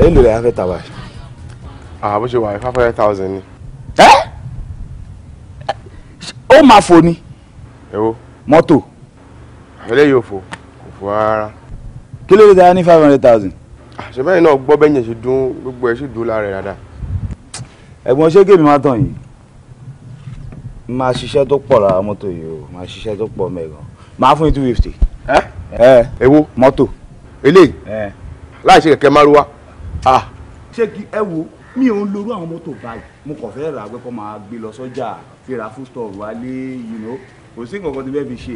èyí ló lè yá fẹ́ tà báyìí. àbó ṣe wà ní five hundred thousand ni. ẹ ó máa fò ni. èwo. mọ́tò. àfẹ́lẹ́ yóò fò kò fò rárá. kí ló lè ta ní five hundred thousand. àṣebẹ́yìn ah, náà gbọ́ bẹ́yìn ṣe dún gbogbo ẹ̀ ṣì dún lára ẹ̀ dáadáa. ẹ̀gbọ́n ṣé kèmí máa tàn yìí máa ṣiṣẹ́ tó pọ̀ lára mọ́tò yìí o máa ṣiṣẹ́ tó pọ̀ mẹ́gan máa fún yín two fifty. ẹ ẹ èwo mọ́tò. eléyìí láì ṣe kẹ̀kẹ́ márúwá. Ah. ṣé kí ẹ wo mi ò ń lorú àwọn mọ́tò báyìí mo kàn fẹ́ rà pé kó máa gbé lọ sọ́jà fira fún stọọ wálé you know kò sí nǹkan kan tí bẹ́ẹ̀ fi ṣe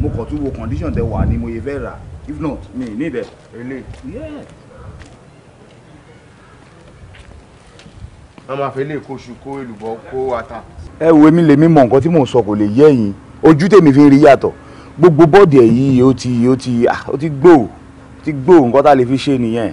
mo kàn tún wo condition tẹ wà ní mo yẹ fẹ́ rà if not mi ì ní ìdẹ èlé. wọ́n máa fẹ́ lè kóṣù kó èlùbọ́ kó ata. ẹ wo èmi lè mi mọ nǹkan tí mò ń sọ kò lè yé ẹ̀yin ojú tèmi fi rí yàtọ̀ gbogbo bọ́ọ̀dì ẹ̀ yìí ó ti ó ti ah, ó ti gbòò ti gbòò nǹkan tá a lè fi ṣe nìyẹn.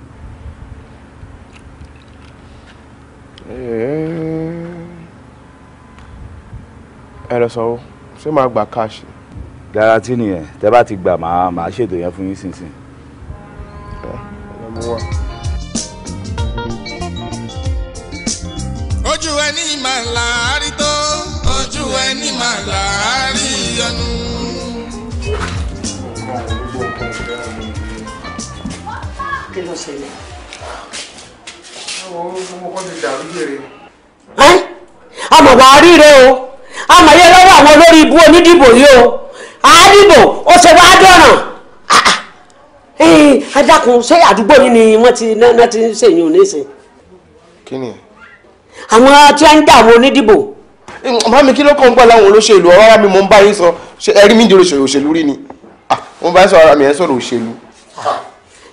ẹ lọ sanwó ṣé máa gba káàṣì. garanti nìyẹn tẹ bá ti gbà máa máa ṣètò yẹn fún yín sínsìn. ojú ẹni máa láàárí tó ojú ẹni máa láàárí yọnu. kí ló ṣẹlẹ̀ àmọ̀ wàá ríre o àmọ̀ yẹ lọ́wọ́ àwọn olórí ibú onídìbò yìí o àádìbò ó ṣe wá dọ̀ràn adákun ah, ah. ṣé àdúgbò yìí ni wọ́n ti náà ti ń ṣèyàn nísìn. kí ni. àwọn tí wọ́n ń dà àwọn onídìbò. màá mi kí ló kàn ń gbà láwọn olóṣèlú ọ̀rọ̀ ara mi mo ń bá yín sọ ẹ̀rí mi ń di olóṣèlú rí ni ah, mo bá yín sọ ara mi ẹ̀ sọ̀rọ̀ òṣèlú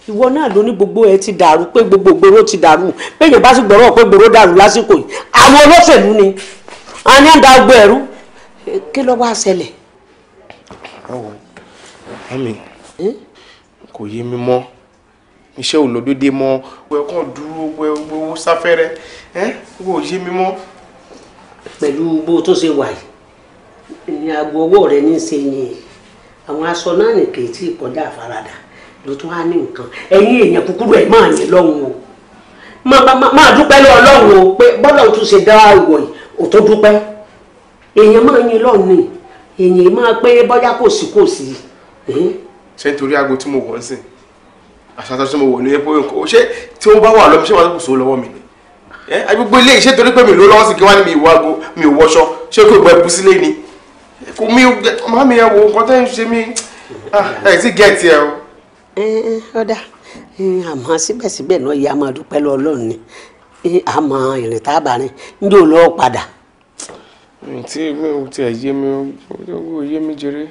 ìwọ náà ló ní gbogbo ẹ ti dàrú pé gbogbo gbòòrò ti dàrú péye bá sì gbọ́rọ̀ pé gbòòrò dàrú lásìkò yìí àwọn olóṣèlú ni a ní àdá ọgbọ ẹrú kí ló wá ṣẹlẹ̀. ọwọ mami kò yé mi mọ́ iṣẹ́ ò lọ déédéé mọ́ wẹ kàn dúró wẹ owó sáfẹ́rẹ́ ẹ wò yé mi mọ́. pẹ̀lú bó tó ṣe wà yìí ni aago ọwọ́ rẹ̀ ní í ṣe yìnyín àwọn aṣọ náà nìkan kọjá àfaradà ló tún wá ní nǹkan ẹ̀yin èèyàn kúkúrú ẹ̀ máa yẹn lọ́hùn o máa dúpẹ́ lọ́wọ́ Ọlọ́run o pé bọ́lá tún ṣe dá ìwọ yìí ò tó dúpẹ́ èèyàn máa yẹn lọ́hùn ni èèyàn máa pé bọ́yá kò sí kò sí. ṣé nítorí aago tí mo wọ̀ ń sìn àṣàtọ̀ tí mo wọ̀ ní epo nǹkan ṣé tí wọ́n bá wà lọ́mí ṣé wọ́n á kò sówó lọ́wọ́ mi ni gbogbo ilé iṣẹ́ torí pé mi ló lọ́wọ́ sí kí wọ́n á ní mi ìwọ aago mi ò wọṣọ ṣé kò gbọ́ ẹbú sílé ni kò mí ọmọ mi ẹ wo nǹkan tẹ́ ń ṣe mí ah, ẹ ti gẹ̀ẹ́tì ẹ o. Eh, ọ̀dà àmọ́ eh, síbẹ̀síbẹ̀ náà yìí a máa dúpẹ́ lọ ọlọ́run ni àmọ́ eh, ìrìn tá a bá rìn ń dò lọ́ọ́ padà. tí ìwé ò tiẹ̀ yé mi ò yé mi jẹrẹ.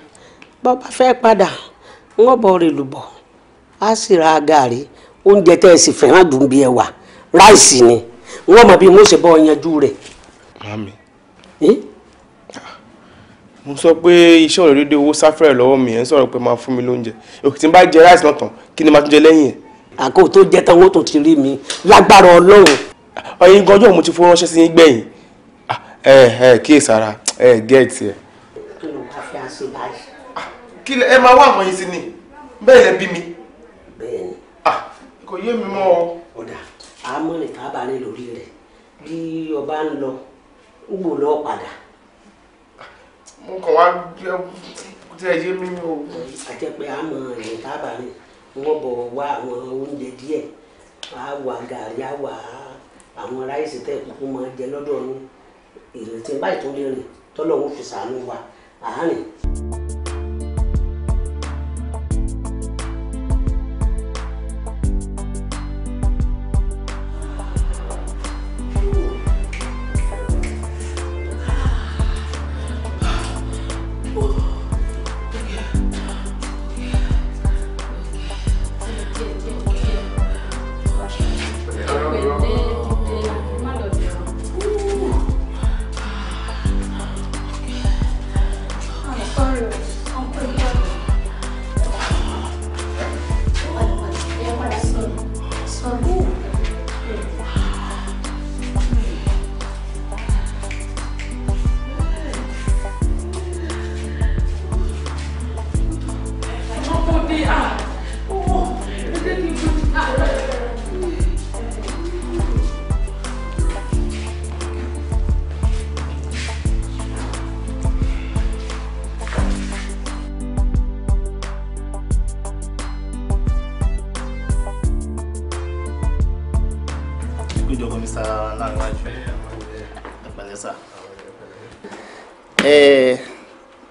bọ́bá fẹ́ padà wọ́n lùbọ̀ sì ra gàrí oúnjẹ tẹ́ ni wọ́n bí mo ṣe bọ́ mo sọ pé iṣẹ́ ọ̀rọ̀ dédé owó sáfẹ́rẹ̀ lọ́wọ́ mi ẹ̀ ń sọ̀rọ̀ pé máa fún mi lóúnjẹ òkè tí n bá jẹ ráìsì náà tán kí ni máa tún jẹ lẹ́yìn ẹ̀. àkó tó jẹ tán owó tó ti rí mi lágbára Ọlọ́run. ọyìn gan ọjọ́ mo ti fowó ránṣẹ́ sí yín gbẹ̀yìn ah, ẹ ẹ kíyèsí ara ẹ gẹ́ẹ̀tì ẹ. kí ló máa fi àṣẹ báyìí. Ah, kí ẹ máa wá àwọn yín sí ni bẹ́ẹ̀ lẹ bí mi. bẹ́ẹ̀ni. Ah, kò yé mi mọ́ ọ. ọ̀dà àmọ́ nìkan bá ní lórí rẹ̀ bí ọba ń mo kàn wá tẹ yé mi o. àjẹpẹ́ àmọ́ ẹ̀yìn tábà ni wọ́n bọ̀ wá àwọn oúnjẹ díẹ̀ á wà gàrí á àwọn ráìsì tẹ̀ kúkú máa jẹ lọ́dọ̀ ìrètí báyìí tó lè rìn tọ́lọ́wọ́ fi sàánú wa àárín.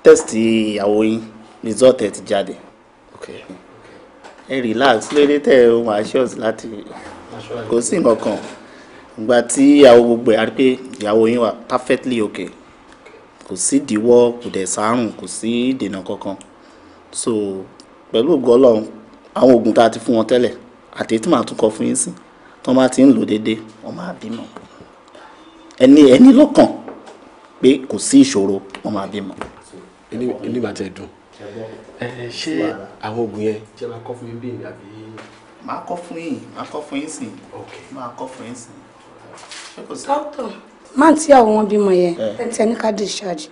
test ìyàwó yín result ẹ̀ ti jáde ẹ relax lórí tẹ ohun assurance láti kò sí nǹkan kan ìgbà tí ìyàwó gbogbo ẹ̀ á rí pé ìyàwó yín wà perfectly okay kò sí ìdíwọ́ kò dẹ̀ sárùn kò sí ìdènà kankan so pẹ̀lú ògo Ọlọ́run àwọn oògùn tá a ti fún wọn tẹ́lẹ̀ àti tí màá tún kọ fún yín sí tí wọ́n bá ti ń lò déédéé wọ́n máa bímọ ẹni ẹni lọ́kàn pé kò sí ìṣòro wọ́n máa bímọ ilé ìbàtẹ dùn ṣé àwọn oògùn yẹn. ṣé máa kọ́ fún yín bí àbí. máa kọ́ fún yín máa kọ́ fún yín sìn máa kọ́ fún yín sìn. dókítà máa tí àwọn wọn bímọ yẹn tẹ ní ká discharge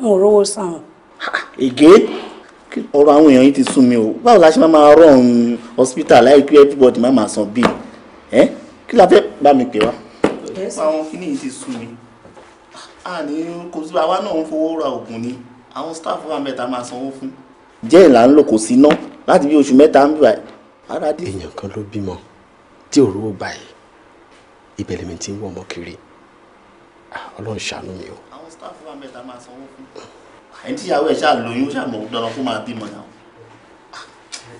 n ò rówó san o. ègé ọ̀rọ̀ àwọn èèyàn yìí ti sún mi o báwo la ṣe máa máa rọrùn hospital láì kí everybody máa máa san bíi kí la fẹ́ bá mi pè wá. àwọn kìnìún ti sún mi àní kò sí àwa náà ń fowó ra oògùn ni àwọn staff wa mẹ́ta máa sanwó fún. jẹ́ ìlà ń lò kò sí ná láti bí oṣù mẹ́ta ń bíwá ara dé. èèyàn kan ló bímọ tí òru ó gbà yìí ìbẹ̀lẹ̀ mi ti ń wọ ọmọ kiri ọlọ́run ṣàánú mi o. àwọn staff wa mẹ́ta máa sanwó fún. ẹni tíyàwó ẹ̀ ṣáà lóyún ṣáà mọ̀ dandan kó máa bímọ náà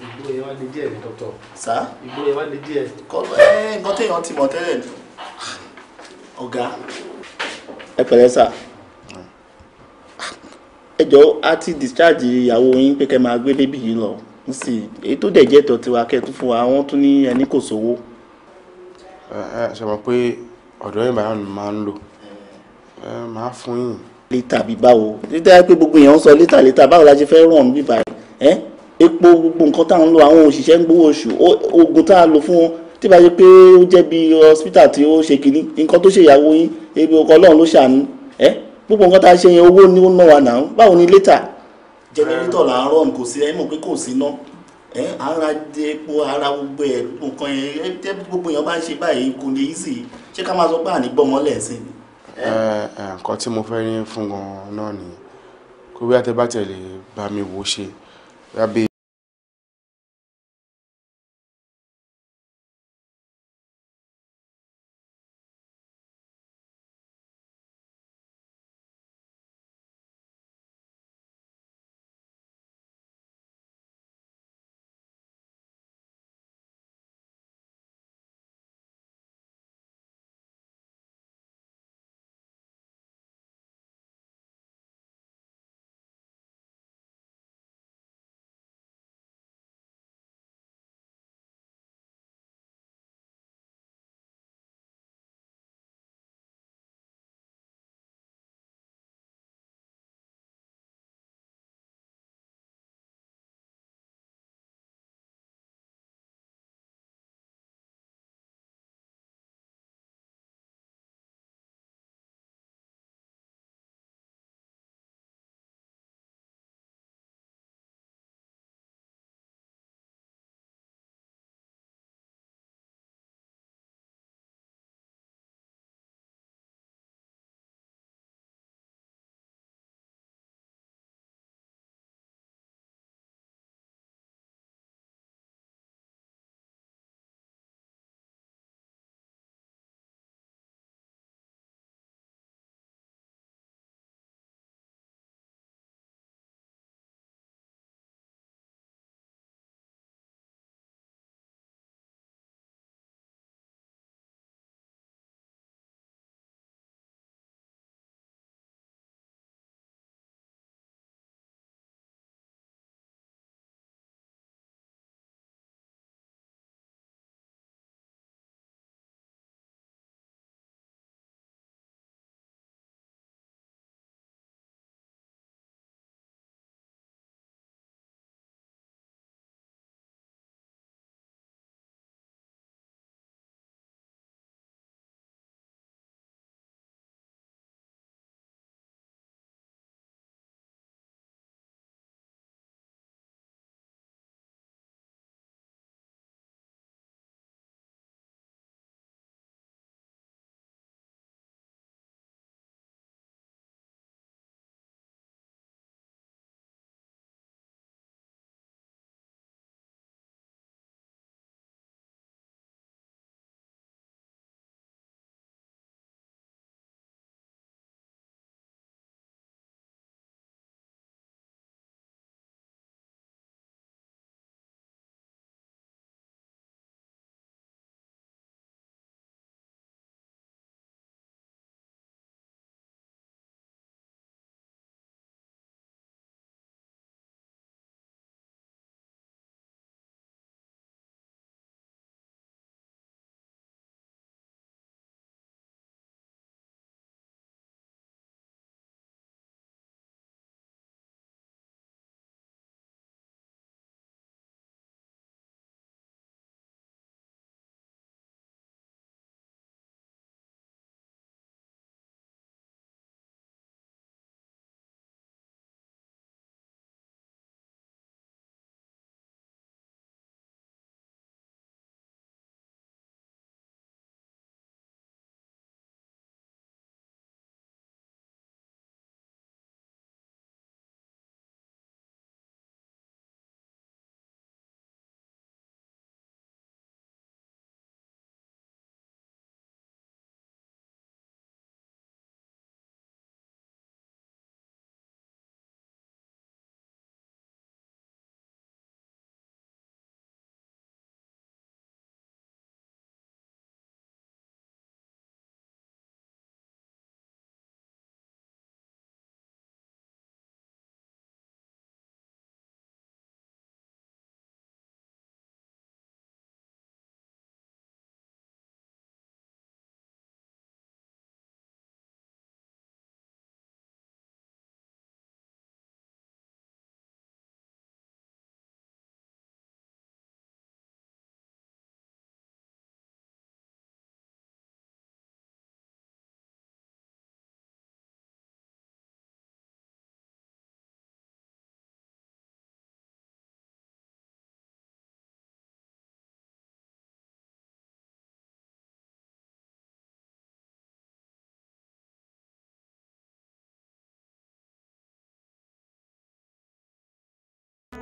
igbó yẹn wá lé díẹ̀ ní dọ́tọ̀. sá igbó yẹn wá lé díẹ̀. kọ́ ẹ́ nǹkan téèyàn ti mọ̀ tẹ́lẹ̀ ẹ pẹ̀lẹ́ sà ẹ jọ̀ọ́ a ti discharge ìyàwó yín pé kẹ́ máa gbé bébì yìí lọ nsì èyí tó dẹ̀ jẹ́ tọ̀ tiwa kẹ́ tún fún wa wọ́n tún ní ẹni kò sówó. ẹ ṣe mọ̀ pé ọ̀dọ́ yìí bàá máa ń lò ẹ máa fún yín. lítà bí báwo lítà pé gbogbo èèyàn ń sọ lítà lítà báwo la ṣe fẹ́ ràn bíbá ẹ epo gbogbo nǹkan tá à ń lo àwọn òṣìṣẹ́ ń gbowó oṣù oògùn tá a lò fún wọn tí bá yẹ pé ó jẹ́ bí hospital tí ó ṣe kìíní nǹkan tó ṣe ìyàwó yín ebi ọkọ ọlọ́run ló ṣàánú ẹ gbogbo nǹkan tá a ṣe yẹn owó ni ó ná wa náà báwo ni létà. jẹnẹrétọ̀ là ń rọ̀ kò sí ẹ mọ̀ pé kò sí ná ẹ ara jẹ epo ara gbogbo ẹ nǹkan yẹn ẹ gbogbo èèyàn bá ń ṣe báyìí kò lè easy ṣé ká máa sọ pé àní gbọmọ lẹ́sìn. ẹ ẹ nǹkan tí mo fẹ́ rí fún gan-an náà nìyẹn kó bí àtẹ bá tẹ̀lé bá mi wò ṣe lábẹ́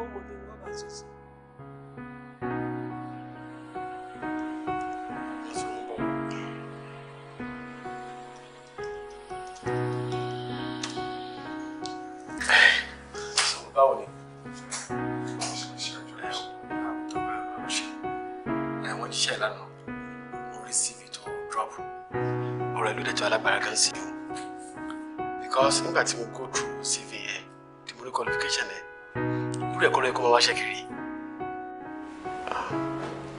home of a woman sisi. báwo ni. ẹ̀wọ̀n jíṣẹ́ ìlànà mo rí cv tó drop ọ̀rọ̀ ìlú dẹ̀jọ́ because nígbà tí mo go through CVA. yẹn tí mo qualification yẹn irú ẹ̀kọ́ rẹ̀ kó bá wá ṣe kiri.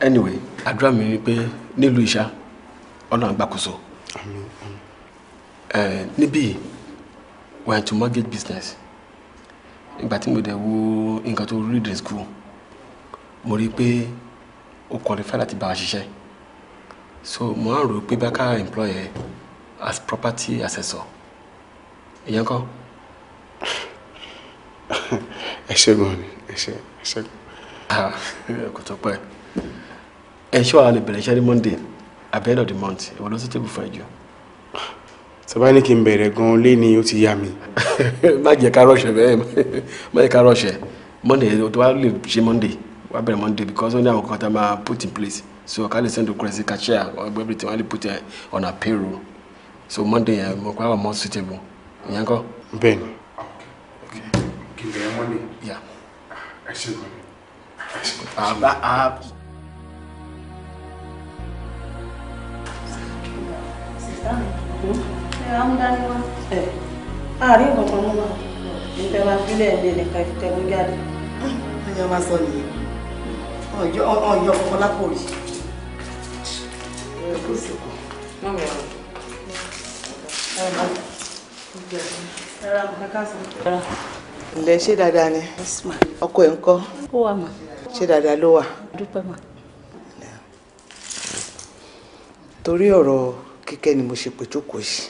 anyway àdúrà mi ni pé nílùú ìṣá ọlọ́run gbàkóso níbí we are into mortgage business ìgbà tí mo dẹ̀ wo nǹkan tó read in school mo rí i pé ó qualify láti bá a ṣiṣẹ́ so mo á rò pé bá ká employer as property assessor ìyẹn kan ẹ ṣé gan ni ẹ ṣé ẹ ṣé gan. Ah, kò tó pẹ́ ẹ ṣé wàá lè bẹ̀rẹ̀ iṣẹ́ ní monday at the end of the month ìwọ ló ti tẹ́bù fún ẹ jù. tó bá ní kí n bẹ̀rẹ̀ gan-an lé ni ó ti yá mi. má jẹ́ ká rọ̀ṣẹ̀ bẹ́ẹ̀ má jẹ́ ká rọ̀ṣẹ̀ monday tó bá lè ṣe monday wà á bẹ̀rẹ̀ monday because ó ní àwọn kan tá a máa put in place so ká lè send the currency cashier or everything wọ́n lè put eh, on her payroll so monday yẹn eh, mo pa àwọn mọ́ suitable ìyẹn kọ́. bẹ́ẹ̀ni Yeah. kí n bẹ̀rẹ̀ monday. ẹ ṣe gan ni. àbá àbá. sísá mi ẹ àwọn dání wá. àárín nǹkan kan mú wa nípa ẹ máa fílẹ̀ ẹ̀ I'm ìfitẹ́wọ́ jáde. ẹ̀yà máa sọ nìyẹn ọ̀yọ́ ọ̀yọ́ fọkàn lápò rí. ẹ kó sùkú. má wà á. Era, era ǹlẹ́ ṣé dáadáa ni ọkọ ẹ̀ ń kọ́ ó wà mà ṣé dáadáa ló wà. dúpẹ́ mà. torí ọ̀rọ̀ kíkẹ́ ni mo ṣe pè jókòó yìí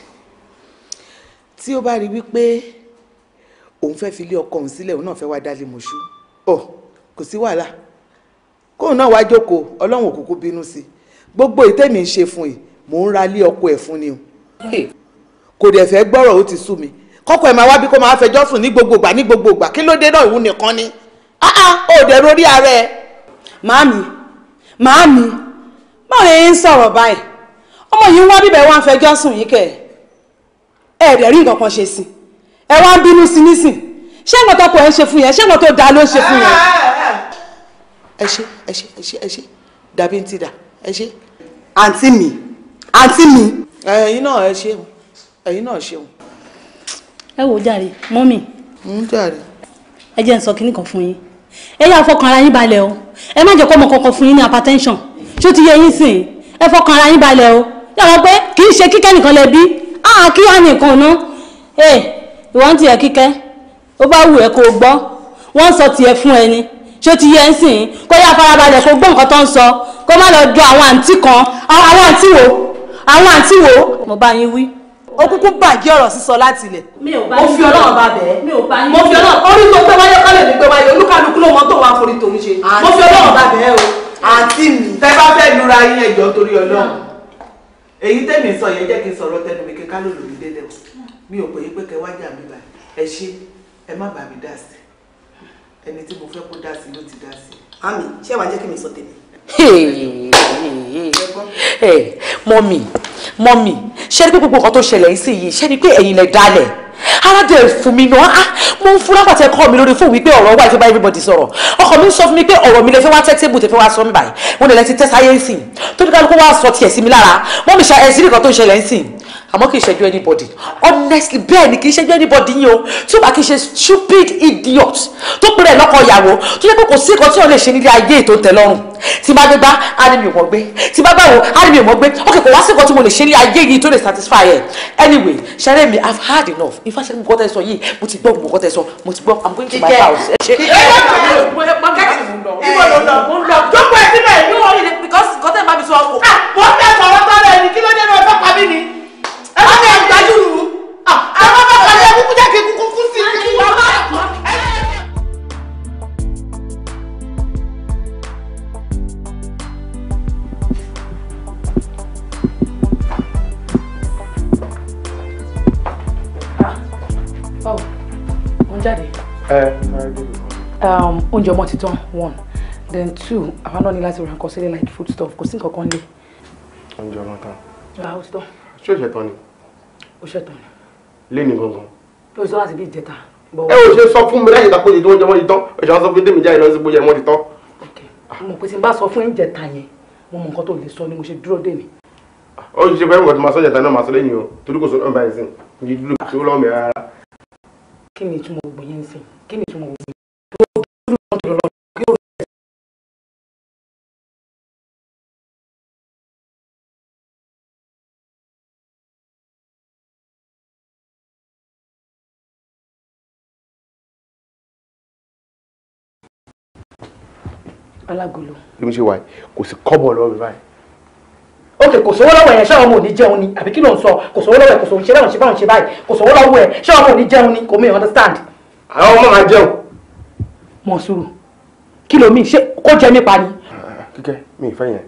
tí ó bá rí wípé òun fẹ́ fi ilé ọkọ òun sílẹ̀ òun náà fẹ́ wá dálé mọ̀ṣú ọ kò sí wàhálà kóun náà wá jókòó ọlọ́run òkùnkùn bínú sí gbogbo ìtẹ́mi ń ṣe fún yìí mò ń ra ilé ọkọ ẹ̀ fún ni o kò dẹ̀ fẹ́ gbọ́rọ̀ ó ti sú mi kọkọ ẹ̀ máa wá bí kó máa fẹjọ́ sùn ní gbogbo ìgbà ní gbogbo ìgbà kí ló dé náà ìwú nìkan ni ó dẹ̀ lórí ààrẹ ẹ̀. màámi màámi báwo ni yín sọ̀rọ̀ báyìí ọmọ yìí ń wá bíbẹ̀ wá ń fẹjọ́ sùn yìí kẹ̀ ẹ̀ ẹ̀ dẹ̀ nǹkan kan ṣe sí ẹ wá ń bínú sí ṣé nǹkan tó kọ ẹ ń ṣe fún yẹn ṣé nǹkan tó dáa ló ń ṣe fún yẹn. ẹ ṣe ẹ ṣe ẹ ṣe ẹ ṣe dàbí ti dà ẹ ṣe. àǹtí mi àǹtí mi. ẹ̀yin náà ẹ ṣeun ẹ̀yin náà ṣeun ẹ wò jàre mọ́mì. ń jàre. ẹ jẹ́ ń sọ kinní kan fún yín ẹ yá fọkàn ara yín balẹ̀ o ẹ má jẹ́ kó ọmọ kankan fún yín ní hypertension tí ó ti yẹ yín sìn ẹ fọkàn ara yín balẹ̀ o yàrá pé kì í ṣe kíkẹ́ nìkan lẹ bí áà kí á nìkan ná ẹ ìwọ́n ti yẹ kíkẹ́ ó bá wù ẹ́ kó o gbọ́ wọ́n sọ tiẹ̀ fún ẹni tí ó ti yẹ ń sìn kó yá farabalẹ̀ kó gbọ́ nǹkan tó ń sọ kó má lọ jọ àwọn àǹtí kan àwọn àǹtí wo àwọn àǹtí wo mo bá yín wí ó kúkú bàjẹ́ ọ̀rọ̀ sísọ láti ilẹ̀ mo fi ọlọ́run bá bẹ̀ẹ́ mo fi ọlọ́run orí tó pé wáyé kálẹ̀ ní pé wáyé olúkálukú ló mọ tó wà forí tòun ṣe mo fi ọlọ́run bá bẹ̀ẹ́ o àǹtí mi tẹ́ bá fẹ́ lura yín ẹ̀jọ́ torí ọlọ́run èyí tẹ́mi sọ yẹn jẹ́ kí n sọ̀rọ̀ tẹnu mi kíkà lòlù mi délẹ̀ o mi ò pè é pé kẹ wájà mi bá ẹ ṣe ẹ má bà mí dá sí ẹni tí mo fẹ́ kó dá sí ló ti dá sí. àmì ṣé wàá jẹ́ kí mi sọ tèmi mọ́mì mọ́mì ṣé ni pé gbogbo nǹkan tó ṣẹlẹ̀ sí yìí ṣé ni pé ẹ̀yin lẹ dálẹ̀ aládé fún mi náà ah mo ń fura pàtẹ kọ́ mi lórí fún wípé ọ̀rọ̀ wà ìfẹ́ bá everybody sọ̀rọ̀ ọkọ mi sọ fún mi pé ọ̀rọ̀ mi lè fẹ́ wá tẹ́ tébù tẹ́ fẹ́ wá sọ mi báyìí mo lè lẹ́ ti tẹ́ sáyẹ́ǹsì tó ní kálukú wá sọ tiẹ̀ sí mi lára mọ́mì ṣá ẹ̀ nìkan tó ń ṣẹlẹ̀ ń sìn àmọ́ kì í ṣẹ́jú anybody honestly bẹ́ẹ̀ ni kì í ṣẹ́jú anybody yín o tí ó bá kì í ṣe stupid idiot tó pè rẹ̀ lọ́kọ ìyàwó tó yẹ pé kò sí nǹkan tí wọ́n lè ṣe nílé ayé ètò ìtẹ̀lọ́rùn tí bá gbégbá á ní mi ò mọ̀ gbé tí bá báwo á ní mi ò mọ̀ gbé ok kò wá sí nǹkan tí mo lè ṣe ní ayé yìí tó lè satisfy ẹ anyway ṣẹlẹ mi i've had enough if i ṣe mo kọ́ tẹ sọ yìí mo ti gbọ́ mo kọ́ tẹ sọ mo ti gbọ́ i'm going to my house. ìjẹ́ ìjẹ́ pọ́kẹ́tì mo lọ mo lọ jókòó ẹ̀ síbẹ̀ ìlú wọn ni because nǹkan tẹ̀ bá mi sọ ọkọ̀. àpò tẹ̀ sọ̀rọ̀ oúnjẹ ọmọ ti tán one then two àwa náà ní láti ra nǹkan sílé like food stuff kò sí nǹkan kan lé. oúnjẹ ọmọ tán. ra ah, o ti tán. ṣé òṣè tán ni. òṣè tán ni. lé ní gbọ̀ngàn. lórí sọ láti bí ìjẹta. ẹ ò ṣe sọ fún mi láyé ìdàkọ́ ìdí oúnjẹ ọmọ ti tán òṣè wọn sọ pé dèmi jáde lọ sí bóyá ọmọ ti tán. ok mo pè sí bá sọ fún ìjẹta yẹn mo mọ sọ ni mo ṣe dúró dè ní ó ṣe fẹ́ wọ̀tí máa sọ́jà tán náà máa sọ lẹ́yìn o torí kò sọ́dọ̀ báyìí sìn kò yí dúró tí ó lọ́wọ́ mi rárá. kí ni ìtumọ̀ gbogbo yẹn ń sìn kí ni ìtumọ̀ gbogbo alágolo. bí mo ṣe wà kò sí kọ́bọ̀ lọ́wọ́ mi báyìí. ok kò sówó lọ́wọ́ yẹn ṣáà ọmọ ò ní jẹun ni àbí kí ló ń sọ kò sówó lọ́wọ́ yẹn kò sówó ṣe báwọn ṣe báwọn ṣe báyìí kò sówó lọ́wọ́ yẹn ṣáà ọmọ ò jẹun ni kò mí understand. àwọn ọmọ máa jẹun. mọ sùúrù kí ló mi ṣe kó jẹ nípa ni. kíkẹ́ mi ì fẹ́ yẹn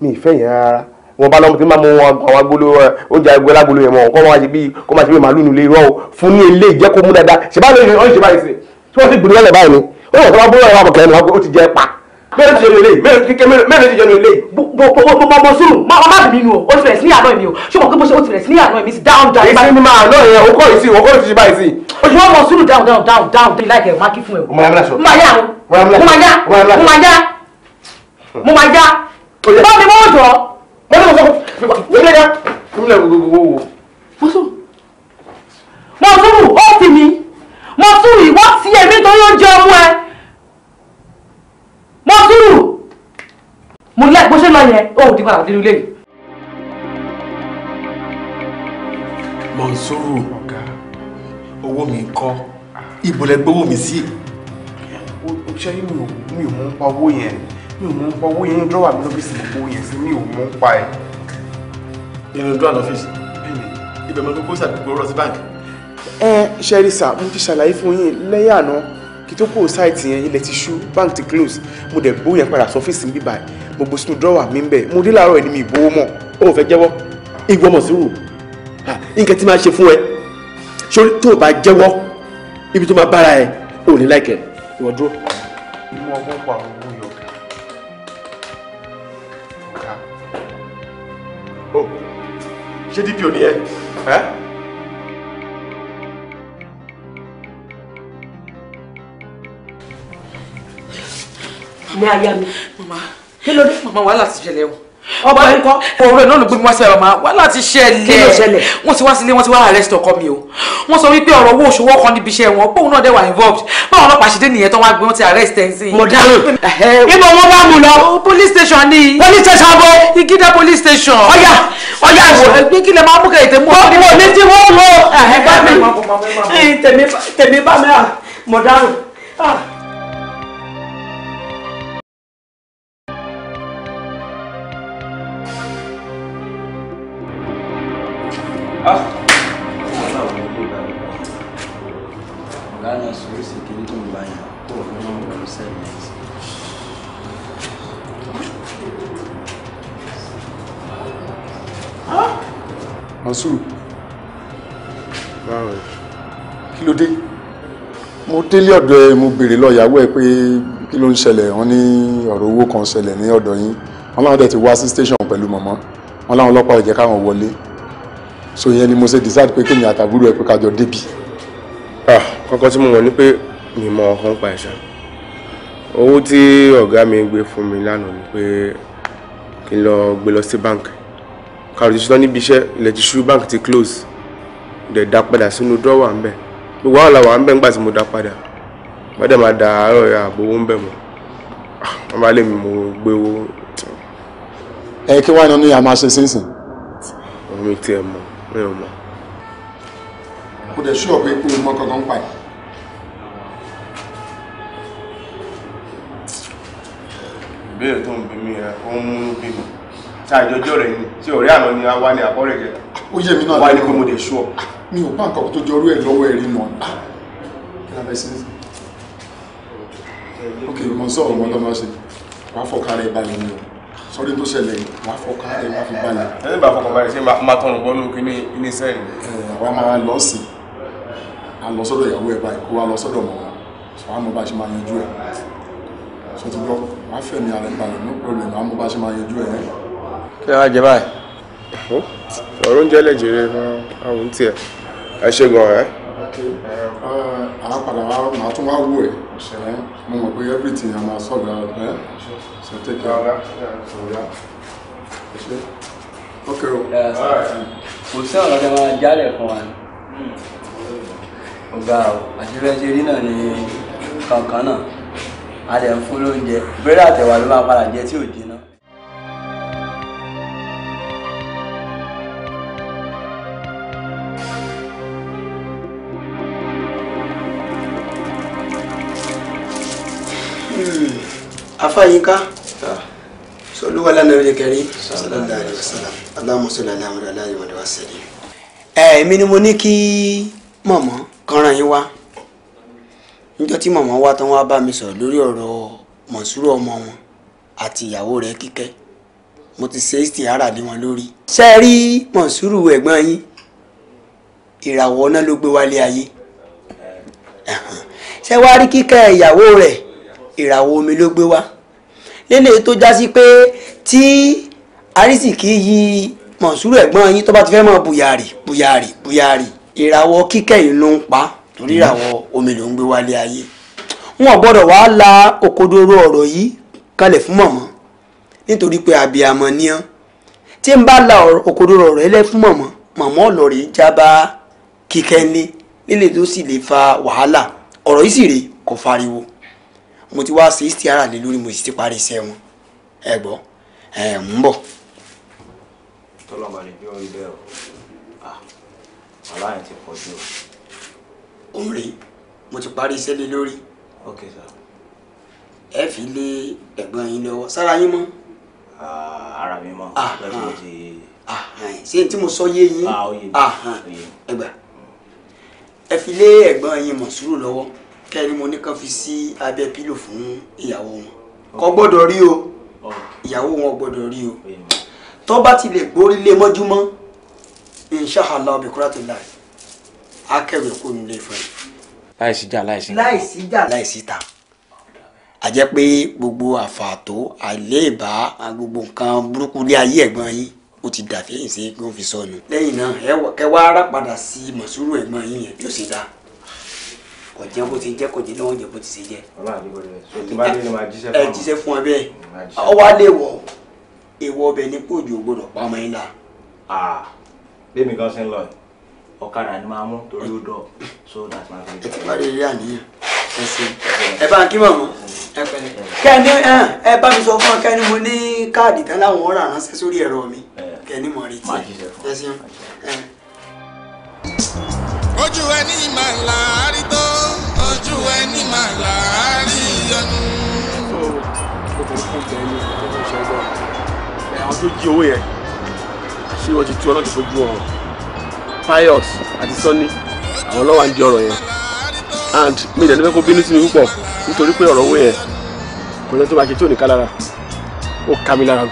mi ì fẹ́ yẹn rárá wọn bá lọmọ tí máa mú àwọn agbolo oúnjẹ agbolo agbolo yẹn mọ kọ́ máa ṣe bí kọ́ máa ṣe bí màálù nílé irọ́ o fún ní ilé ìjẹ́ kó mú dáadáa ṣe bá lóye ọ̀hún ṣe báyìí sí tí wọ́n sì gbìyànjú lẹ̀ báyìí ni ó yẹ kó bá búrọ̀ ẹ̀ wà bọ̀kẹ́ ẹ̀ ni wọ́n ti jẹ́ pa mẹ́rin ti jẹnu ilé mẹ́rin ti jẹnu ilé. bọ̀bọ̀ sùn má má bì mí nu o o ti rẹ̀ sí ní àná mi o ṣé mo pé bó ṣe o ti rẹ̀ sí ní àná mi sí down down. èsì ni máa lọ yẹn o kọ́ ìsì o kọ́ ìsì ti bá ìsì. o ṣe wọ́n mọ̀ sùn down down down down bí láìpẹ́ o máa kí fún ẹ o. mo máa yá o mo máa yá o mo máa yá mo máa yá báwo ni mo jọ. mo ní mo sọ fún mi lẹ́yà fún mi lẹ́yà gbogbo wo. mo sùn mo sùn ó ti mi mo sùn mo sùúrù mo lẹ́ bó ṣe lọ yẹn ó di padà nínú ilé mi. mọ̀nsúrù owó mi kọ́ ibo lẹ gbówó mi sí. ṣé mi ò mọ̀ ń pa owó yẹn mi ò mọ̀ ń pa owó yẹn dọ́wà mi lọ́fíìsì owó yẹn sí mi ò mọ̀ ń pa ẹ̀. ìrìn dọ́wà lọ́fíìsì ibẹ̀ mo ní kó sàgbégbó rọ sí báńkì. ẹ ṣe rí sà mo ti ṣàlàyé fún yín lẹ́yìn àná kí tó kúrò sáìtì yẹn ilẹ̀ ti ṣú bank ti close mo dẹ̀ bó yẹn padà sọ́fíìsì níbí báyìí mo gbó sínú dọ́wà mi ń bẹ̀ mo dé láàárọ̀ ẹni mi ìbówó mọ̀ ó fẹ́ jẹ́wọ́ ìwọ mọ̀ sùúrù nǹkan tí máa ṣe fún ẹ sórí tó o bá jẹ́wọ́ ibi tó máa bára ẹ ò ní láìkẹ́ ìwọ dúró. inú ọgbọ́n pa owó yọ ọ̀gá oh, dídì ò ní ẹ́. ilé ayé mi. mama kí ló dé. mama wàhálà ti ṣẹlẹ̀ o ọba yìí kọ ọ̀rọ̀ ẹ náà ló gbé mi wá sí ẹ màmá wàhálà ti ṣẹlẹ̀ kí ló ṣẹlẹ̀ wọ́n ti wá sílé wọ́n ti wá arrest ọkọ mi o wọ́n sọ wípé ọ̀rọ̀ owó oṣù wọkọ níbi iṣẹ́ wọn póun náà dẹ wà involved báwọn ọlọ́pàá ṣe dé nìyẹn tó wá gbé wọ́n ti arrest ẹ sí. mo dáhùn ibo wọn bá mú lọ. police station ni. police station bo. Ìgídá police station. ọyà ọyà ìwò. ẹgbẹ́ kí lè máa mú kẹ̀yìn tẹ̀mú. wọ́n mú mi tí wọ́n mú. tèmi bá mi mọ̀ dáhùn. délé ọ̀dọ̀ ẹ mo béèrè lọ ìyàwó ẹ pé kí ló ń ṣẹlẹ̀ wọ́n ní ọ̀rọ̀ owó kan ṣẹlẹ̀ ní ọ̀dọ̀ yín wọ́n láwọn dẹ̀ ti wá sí station pẹ̀lú mọ̀mọ́ wọ́n láwọn ọlọ́pàá ìjẹ́ káwọn wọlé so ìyẹn ni mo ṣe decide pé kéèyàn àtàbúrò ẹ pé kájọ débi. Ah, kọ́kọ́ tí mo mọ̀ ni pé mi mọ ọkàn pa ẹ̀ṣà owó tí ọ̀gá mi gbé fún mi lánàá ni pé kí n lọ gbé lọ sí bank kàròtì ṣetán níbi iṣẹ́ ilẹ̀ ti ṣú bank ti close dẹ̀ dá padà sínú dọ́wà ń bẹ̀ gbogbo àwọn làwọn àmbẹ̀ ńgbà tí mo dá padà gbọ́dọ̀ máa da àárọ̀ rẹ̀ àbò owó ń bẹ̀ mọ́ wọ́n bá lè mi mo gbé owó. ẹ kí wàá nínú yà máa ṣe sínsìn. omi tiẹ̀ mọ̀ mi ò mọ̀. kò dẹ̀ ṣú ọ̀pẹ kó o mọ kankan pa ẹ̀. ìbéèrè tó ń bí mi ẹ ó ń mú bí mi ṣáà ìjọjọ́ rẹ̀ ni ṣé ọ̀rẹ́ àná ni wá ní àkọ́rẹ́ jẹ. wá ní kó mo dẹ̀ ṣú mi ò bá nǹkan tó jọrú ẹ̀ lọ́wọ́ ẹ̀rí mọ́ ah! ok mo sọ ọmọ ọlọmọ ṣe wà á fọkà rẹ balẹ̀ ni o sọrí tó ṣẹlẹ̀ wà á fọkà rẹ wà á fi balẹ̀. ẹni bá fọkàn balẹ̀ ṣe máa tọrùn bọ́ lókè ní ilé iṣẹ́ yìí. àwa máa lọ sí a lọ sọ́dọ̀ ìyàwó ẹ̀ báyìí kó wa lọ sọ́dọ̀ mọ́ sọ àwọn ọmọ bá ṣe máa yanjú ẹ̀ sọ ti gbọ́ wà á fẹ̀mí ara ẹ̀ balẹ̀ no problem àwọn ọmọ bá ṣe máa yanjú ẹ̀. kí ẹ wá jẹ báyìí. ọ̀rọ̀ oúnjẹ lẹ́jẹ̀rẹ̀ fún àwọn tiẹ̀ ẹ ṣe gan ẹ. àwọn padà wa màá tún wá wò ẹ mo mọ̀ pé everything a máa sọ̀rọ̀ ẹ so take care ọ̀la ẹ ṣe ok o. kò sí ọ̀rọ̀ tí a máa jálẹ̀ fún wa ọ̀gá o àti rẹ́ṣẹ̀ rí náà ní kankan náà a lè fún lóúnjẹ búrẹ́dì àtẹ̀wà ló máa padà jẹ tí ò jẹ. Fáyínká sọlúwà lánàá rẹ kẹrí sallallahu alaihi wasallam Allahumma salli ala Muhammad aláàyè wọn wá sẹlẹ. èmi ni mo ní kí mọ̀mọ́ kan ràn yín wá níjọ́ tí mọ̀mọ́ wá tán wá bá mi sọ̀rọ̀ lórí ọ̀rọ̀ mọ̀súrù ọmọ wọn àti ìyàwó rẹ̀ kíkẹ́ mo ti ṣe ìsìtìhárà lé ìràwọ̀ ọ̀nà ló gbé wálé ayé ṣé kíkẹ́ ìyàwó rẹ̀ ìràwọ̀ omi ló gbé wá lélẹ̀ tó já sí pé tí arísìkí yí mọ̀súrù ẹ̀gbọ́n yín tó bá ti fẹ́ mọ̀ bùyàrì bùyàrì bùyàrì ìràwọ̀ kíkẹ́yìn ló ń pa torí ìràwọ̀ omi ló ń gbé wálé ayé wọn gbọ́dọ̀ wá la òkodoro ọ̀rọ̀ yìí kalẹ̀ fún mọ̀mọ́ nítorí pé abiyamọ níyàn tí n bá la òkodoro ọ̀rọ̀ ẹlẹ́ fún mọ̀mọ́ mọ̀mọ́ ọ̀lọ́rẹ̀ jábá kíkẹ́ ní tó sì lè fa wàhálà ọ̀rọ̀ yìí sì rè kò fariwo mo ti wá ṣe istiara lé lórí mo sì ti parí iṣẹ́ wọn ẹ gbọ́ ẹ ń bọ̀. tọ́lọ́mọ ni bí wọ́n rí bẹ́ẹ̀ o aláyẹn ti pọ̀ jù o. òun rèé mo ti parí iṣẹ́ lé lórí. ok sir. ẹ fi lé ẹ̀gbọ́n yín lọ́wọ́ sára yín mọ́. ara mi mọ́ lọ́jọ́ ah, mo ah. ti. Ah, ṣé tí mo sọ yé yín ẹgbà ẹ fi lé ẹ̀gbọ́n yín mọ̀ sùúrù lọ́wọ́ kẹrin mo ní kan fi sí abẹ́ pílò fún ìyàwó wọn kò gbọ́dọ̀ rí o ìyàwó wọn gbọ́dọ̀ rí o tó bá ti lè gbórí lé mọ́júmọ́ inṣàhàlá ọbẹ̀kúrà tó láì akẹ́wé kò ní lè fún láìsí jà láìsí ta láìsí jà láìsí ta a pé gbogbo àfààtò àìlèbá gbogbo nǹkan burúkú lé ayé ẹ̀gbọ́n yín ó ti dàfẹ́yìn sí kí wọ́n fi sọnù lẹ́yìn náà kẹwàá rà padà sí mọ̀súrù ẹ̀gbọ́n yín yẹn bí ó dáa kò jẹ́ bó ti jẹ́ kò jẹ́ lọ́wọ́ jẹ́ bó ti ṣe jẹ́. ẹ jíṣẹ́ fún ẹ bẹ́ẹ̀ ọwọ́ alẹ́ wọ̀ èèwọ̀ ọbẹ̀ ní pòjù ògbọ́dọ̀ pa ọmọ yín la. bẹ́ẹ̀ mi kan ṣe ń lọ ọ̀kadà ni máa mú torí ó dọ̀ so that my friend. ẹ bá rí rí àníyàn ẹ ṣe ẹ bá ń kí màmú ẹ pẹ̀lẹ́ kẹni ẹ bá mi sọ fún ọ kẹni mo ní káàdì tán láwọn ọ̀rọ̀ àránṣẹ́ sórí ẹ̀rọ mi kẹni mọ̀ rí tiẹ̀ ẹ ṣeun. ojú ẹni màlá àrítọ́ ojú ẹni máa là á àwọn tó jí owó yẹn ṣé wọ́n ti tú ọ náà fojú ọ̀rọ̀ pius àti sunny àwọn lọ́wọ́ ń di ọ̀rọ̀ yẹn and mi ìdẹ́nu fẹ́ kó bínú sí mi púpọ̀ nítorí pé ọ̀rọ̀ owó yẹn kò lẹ́nu tó máa ṣe tí ò ní ká lára ó ká mi lára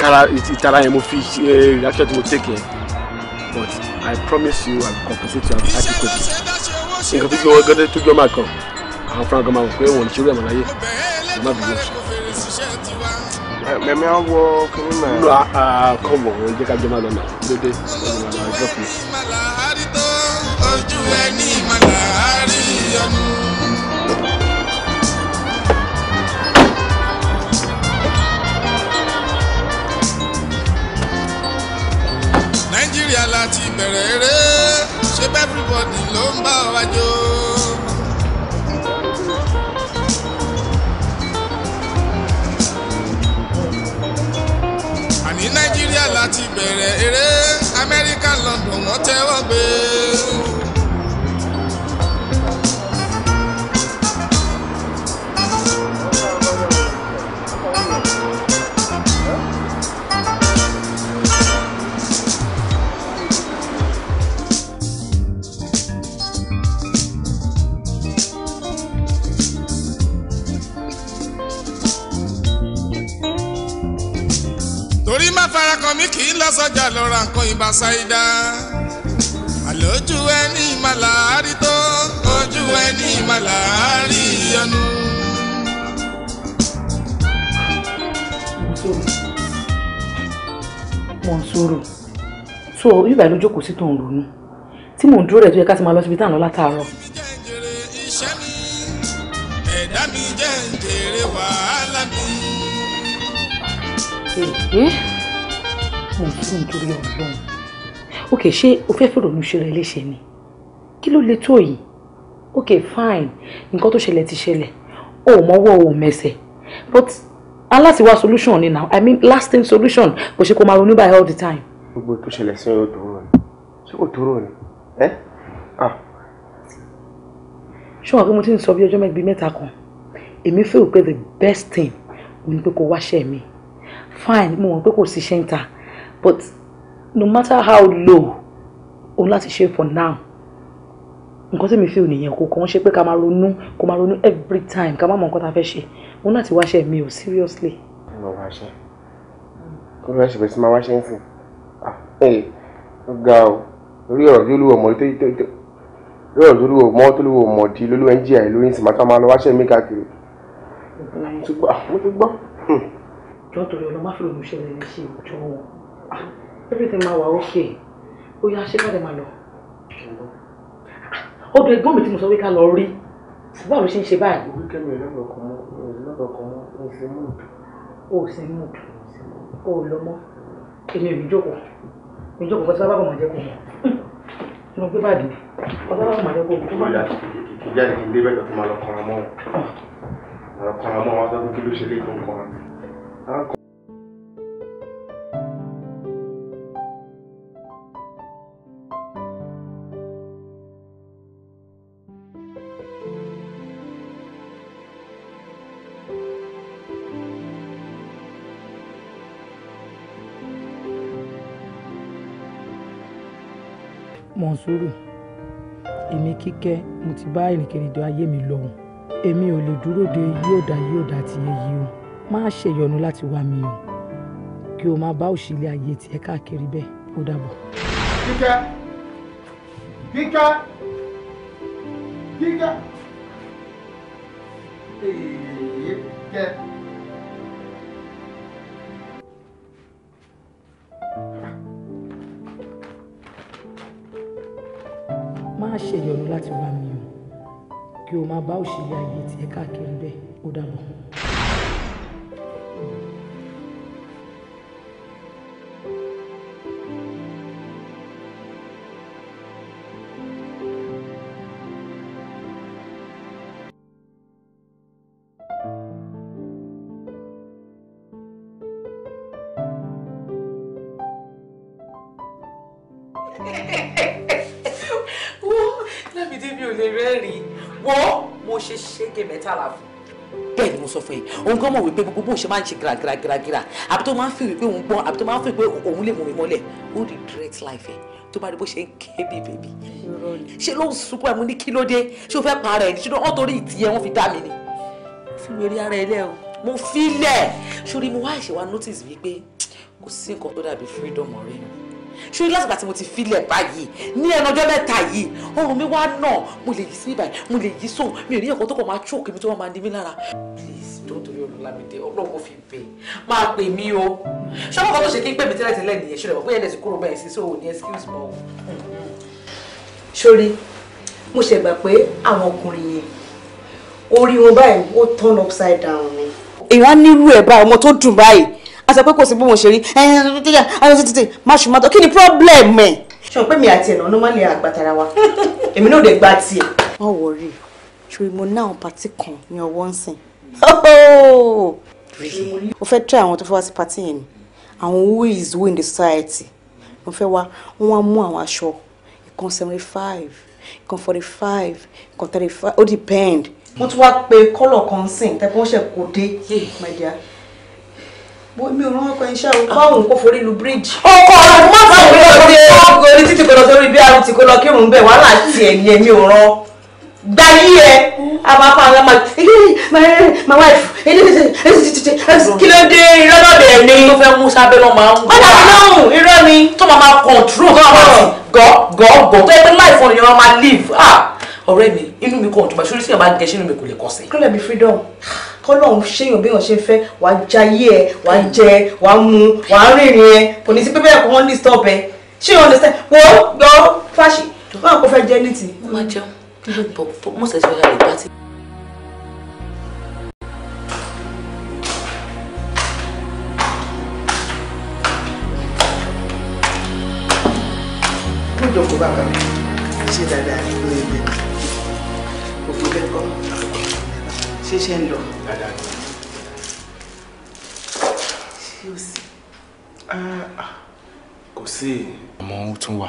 gan-an ìtara yẹn mo fi reaction tí mo take but I promise you I will compensate you adequately nǹkan tó jọ wọn gẹ́gẹ́ tó jọ máa kàn àwọn fúnra gan máa pé wọn ò ní ṣerú ẹ̀ láyé ẹ má bìí lóṣù. mẹ̀mí á wọ mẹ́. nínú àkọ́ wọ̀ jẹ́ ká jọ máa dédé ọ̀nà àjọ fún mi. nàìjíríà láti bẹ̀rẹ̀ eré pé everybody ló ń bá wa jó. àní nàìjíríà láti bẹ̀rẹ̀ eré amẹ́ríkà london wọ́n tẹ́wọ́ gbé. sọ́jà lọ ra nǹkan ìbá ṣáídá àlójú ẹni ìmàlárí tó ojú ẹni ìmàlárí yọnu. Mọ̀nsóró so bíbá ló jókòó sí tó ń ronú tí mò ń dúró rẹ̀ tó yẹ ká ti máa lọ síbi tá à ń lọ látàárọ̀. ẹ̀dá mi ń sìn nítorí ọlọ́run ok ṣé o fẹ́ fèrò olùṣèré léṣe ni kí ló le tó yìí ok fine nǹkan tó ṣẹlẹ̀ ti ṣẹlẹ̀ o ò mọ́wọ́ o ò mẹsẹ̀ but aláṣìwá solution ni now i mean lasting solution kò ṣe kó máa ronú báyìí all the time. gbogbo ètò ìṣẹ̀lẹ̀ sí òdòrò ni ṣé òdòrò ni ẹ́ ah. ṣé wọn kí mo ti ń sọ bí ọjọ́ mẹ́gbẹ́ mẹ́ta kan èmi fẹ́ pé the best thing ni pé kó wáṣẹ́ mi fine mo mọ̀ pé kò sí ṣẹ́ńtà but no matter how low òun láti ṣe for now nǹkan tí mi fi nìyẹn kò kàn ṣe pé ká máa ronú kó máa ronú every time ká má mọ nǹkan tá a fẹ́ ṣe òun láti wáṣẹ mi ò seriously. ẹ máa wáṣẹ kí ló ṣe bẹ́ẹ̀ sí máa wáṣẹ ń sìn ẹ ó ga ọ lórí ọ̀rọ̀ yóò lúwọ̀ mọ́ lórí ọ̀rọ̀ lórí ọmọ tó lówó mọ̀ di lórí ẹnjí ẹ̀ lórí ìsìn máa máa lọ wáṣẹ́ mi káàkiri mo ti gbọ́. jọ́ torí ọlọ́mọ fèrè olùṣẹ́lẹ̀ ní ṣe ìjọ wọn everything máa wà okay ó yá ṣé káde máa lọ ọdọ ẹ̀gbọ́n mi tí mo sọ pé ká lọ rí báwo ló ṣe ń ṣe báyìí. wíkẹ́ndì lọ́dọ̀ kan mọ́ lọ́dọ̀ kan mọ́ ó sì mood. ó sì mood ó lọ mọ́ èmi ò ní jókòó ní jókòó kọ́sí bábà kò máa jẹ́ kó mọ̀ tí mo gbé báàgì mi kọ́sí bábà kò máa jẹ́ kó mọ̀. ìjà ni kí n dé bẹ́ẹ̀ tó máa lọ kọ́ra mọ́ wọn ah. lọ kọ́ra mọ́ wọn sọ pé kí ló ṣe lé fún kọ́ra. mọ̀nsúrù èmi kíkẹ́ mo ti bá ìrìnkèrindò ayé mi lọ èmi ò lè dúró de yóò dá yóò dá ti èyí o má ṣèyọnu láti wá mi o kí o má bá òṣìlẹ̀ ayé tiẹ̀ káàkiri bẹ́ẹ̀ ó dàbọ̀. kíkẹ́ kíkẹ́ kíkẹ́ kíkẹ́. kí o máa bá òṣèré ayé tiẹ̀ káàkiri bẹ́ẹ̀ ó dàbọ̀. òun gan mọ̀ wípé gbogbo bó ṣe máa ń ṣe gíragíragíra àbí tó máa ń fi wípé òun gbọ́n àbí tó máa ń fi wípé òun lè mú mọ́lẹ̀ ó regret life ẹ̀ tó bá rí bó ṣe ń ké bí bèbí ṣé ló ń sunkún ẹ̀ mú ní kí ló dé ṣé o fẹ́ para ẹ̀ ní ṣùgbọ́n wọ́n torí ìtì ẹ̀ wọ́n fi dá mi ni fi ara ẹ̀ lẹ́ o mo fi lẹ̀ ṣorí mo wá ìṣèwà notice wípé kò sí nǹkan tó dàbí freedom ọ̀rẹ́ mi ṣé lásìkò àti mo ti filẹ̀ báyìí ní ẹnu ọjọ́ mẹ́ta yìí ọrùn mi wá náà mo lè yí sí ibà mo lè yí sóhun mi ò ní ẹ̀kọ́ tó kọ̀ máa chókè mi tó wà máa ní mi lára jọ torí Ọlámídé Ọlọ́run kò fi bẹ̀ máa pè mí o ṣọ́kọ̀ kan tó ṣe kí n pè mí tẹ́lẹ̀ tẹ́lẹ̀ nìyẹn ṣọlẹ̀ bóyá ẹ̀dẹ̀sì kúrò bẹ́ẹ̀ sí so ní excuse mọ́ o. sori mo ṣẹ̀gbà pé àwọn ọkùnrin yẹn orí wọn báyìí ó turn upside down ni. ìwọ́n nírú ẹ̀ báyìí ọmọ tó dùn báyìí àti pé kò sí bí mo ṣe rí máṣùmátọ ṣùgbọ́n pé mi àti ẹ̀nà ọ̀nà máa ń wa èmi náà ò dé gba tiẹ̀. wọ́n wọ̀ rí ṣùgbọ́n mo ná àwọn pàtí kan ní ọwọ́ ń sìn Oh! mo fẹ́ try àwọn tó fẹ́ wá sí party yẹn ni àwọn who is who in the society mo fẹ́ wá wọ́n wá mú àwọn aṣọ ìkan seventy five ìkan forty five ìkan thirty five All depend. wọ́n tún wá pe kọ́lọ̀ kan sìn tẹ́pẹ́ wọ́n ṣẹ̀ kó dé my dear bó mi ò rán ọkọ iṣẹ́ o báwo kò forí lu bíríìjì. ọkọ ọ̀rọ̀ má sọ̀rọ̀ lórí ọgọ́rí títí kò lọ sórí bí àrùn tí kò lọ kírun bẹ́ẹ̀ wàhálà tiẹ̀ ni èmi ò rán gbayí ẹ a máa fa My my wife kí ló dé irọ́ náà dẹ̀ ni tó fẹ́ mú sábẹ́ náà máa ń gbọ́ ọ̀dà mi lọ́hùn irọ́ ni tó máa máa control tó máa ti gọ́ gọ́ gọ́ tó yẹ pé life ọ̀nà yẹn máa máa live ah ọ̀rẹ́ mi inú mi kò ọ̀tún bá ṣorí sí ọba gẹ̀ẹ́sì inú mi kò lè kọ́ sí. kílẹ̀ mi freedom kọ́lọ́hún ṣéyàn bí wọ́n ṣe fẹ́ wà á jayé ẹ̀ wà á jẹ wà á mu wà á rìnrìn ẹ̀ kò ní sí pé bẹ́ẹ̀ kò wọ́n disturb ẹ ṣéyàn understand wo gbọ́ fáṣí báwọn kò fẹ́ jẹ́ ní ti. ó máa jẹun Even but, but most especially that. Jókòó bàbá mi, ṣe dáadáa ní ilé ìgbé mi. Òkú lẹ́kọ̀ọ́, ṣé ṣe ń lọ? Dáadáa. Ṣé o sí? Ah, ah. Kò sí. Àmọ́ ó tún wà.